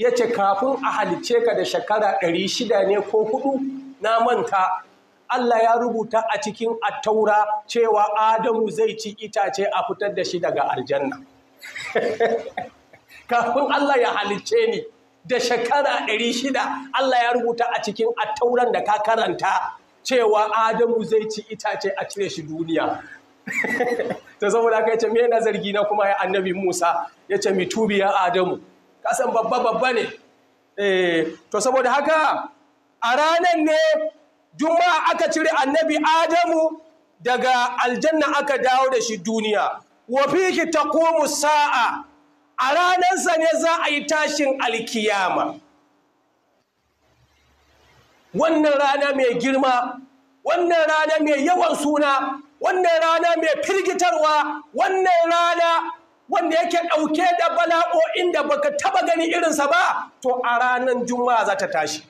ya ce kafin a halice ka da shekara ɗari shida ne ko hudu na manta Allah ya rubuta a cikin attaura cewa Adamu zai ci itace a fitar da shi daga aljanna. (laughs) Kafin Allah ya halice ni da shekara ɗari shida Allah ya rubuta a cikin attauran da ka karanta cewa Adamu zai ci itace a cire shi duniya. (laughs) Ta saboda aka yace me nazargi zargi na kuma ya annabi Musa Ya ce mitubi ya Adamu kasan babba babba ne eh, to saboda haka a ranar ne juma'a aka cire annabi adamu daga aljanna aka dawo da shi duniya wa ta taqumu sa'a a sa ne za a yi tashin alkiyama wannan rana mai girma wannan rana mai yawan suna wannan rana mai firgitarwa wannan rana wanda yake ɗauke da bala'o'in da baka taba gani irinsa ba to a ranar juma'a za ta tashi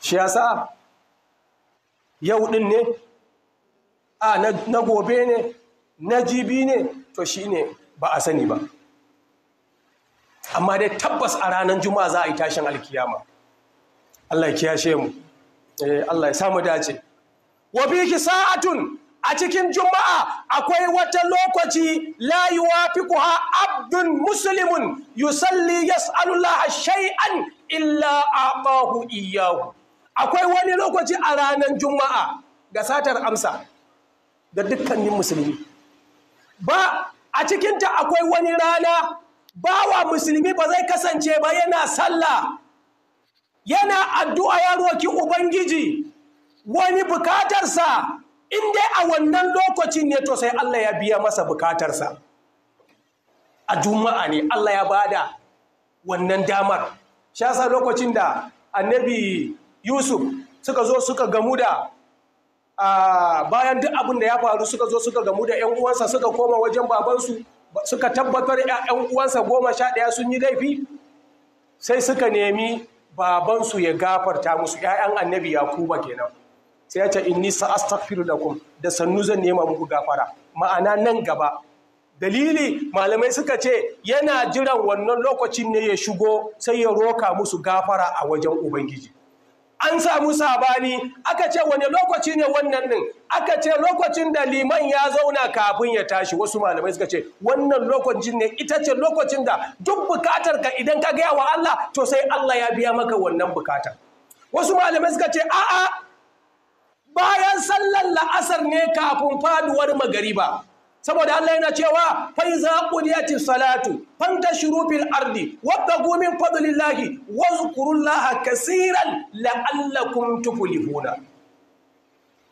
shi yasa yau ɗin ne a na gobe ne na jibi ne to shi ne ba a sani ba amma dai tabbas a ranar juma'a za a yi tashin alkiyama Allah ya kiyashe mu eh, Allah ya samu dace wa biki sa'atun a cikin juma'a akwai wata lokaci la yuwafiquha abdun musulmin yusalli yas'alullah shay'an illa ɓahu iyyahu akwai wani lokaci a ranar juma'a ga satar amsa ga dukkanin musulmi ba a cikinta akwai wani rana ba wa musulmi ba zai kasance ba yana sallah yana addu'a ya roki ubangiji wani bukatarsa in dai a wannan lokacin ne to sai Allah ya biya masa bukatarsa a juma'a ne Allah ya bada wannan damar shasa lokacin da annabi yusuf suka zo suka gamu da bayan duk abin da ya faru suka zo suka gamu da 'yan uwansa suka koma wajen babansu suka tabbatar 'yan uwansa goma sha ɗaya sun yi laifi sai suka nemi babansu ya gafarta musu 'ya'yan annabi yakuba kenan sai ya ce inni da lakum da sannu zan nema muku gafara ma'ana nan gaba dalili malamai suka ce yana jiran wannan lokacin ne ya shigo sai ya roka musu gafara a wajen ubangiji an samu sabani aka ce wani lokaci ne wannan din aka ce lokacin da liman ya zauna kafin ya tashi wasu malamai suka ce wannan lokacin ne ita ce lokacin da duk bukatar ka idan ka gaya wa Allah to sai Allah ya biya maka wannan bukatar wasu malamai suka ce a'a bayan sallar la'asar ne kafin faduwar magariba saboda Allah yana cewa fai iza qudiyatis salatu fanta fil ardi wabtagu min fadlillahi wazkurullaha kaseeran la'allakum tuflihuna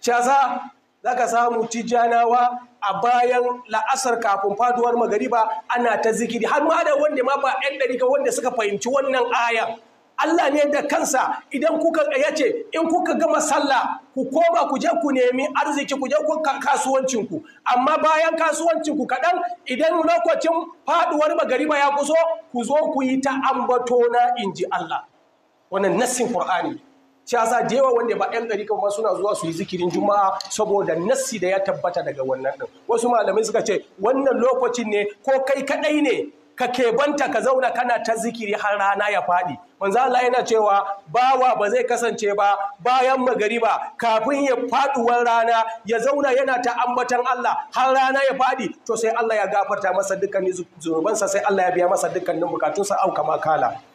caza zaka samu tijanawa a bayan la'asar kafin faduwar magariba ana ta zikiri har ma da wanda ma ba ɗan ɗari wanda suka fahimci wannan ayan Allah ne da kansa idan kuka ya ce in kuka gama sallah ku koma ku je ku nemi arziki ku je ku kasuwancinku amma bayan kasuwancinku kaɗan idan lokacin faɗuwar magariba ya kuso ku zo ku yi ta ambato na inji Allah wannan nassin Qur'ani ci yasa da yawa wanda ba ɗan ɗari kuma suna zuwa su yi zikirin juma'a saboda nassi da ya tabbata daga wannan din wasu malamai suka ce wannan lokacin ne ko kai kaɗai ne ka kebanta ka zauna kana ta zikiri har rana ya faɗi manzo Allah yana cewa bawa ba zai kasance ba bayan magariba kafin ya faduwar rana ya zauna yana ta ambatan Allah har rana ya faɗi to sai Allah ya gafarta masa dukkanin zunubansa sai Allah ya biya masa dukkanin bukatunsa au kama kala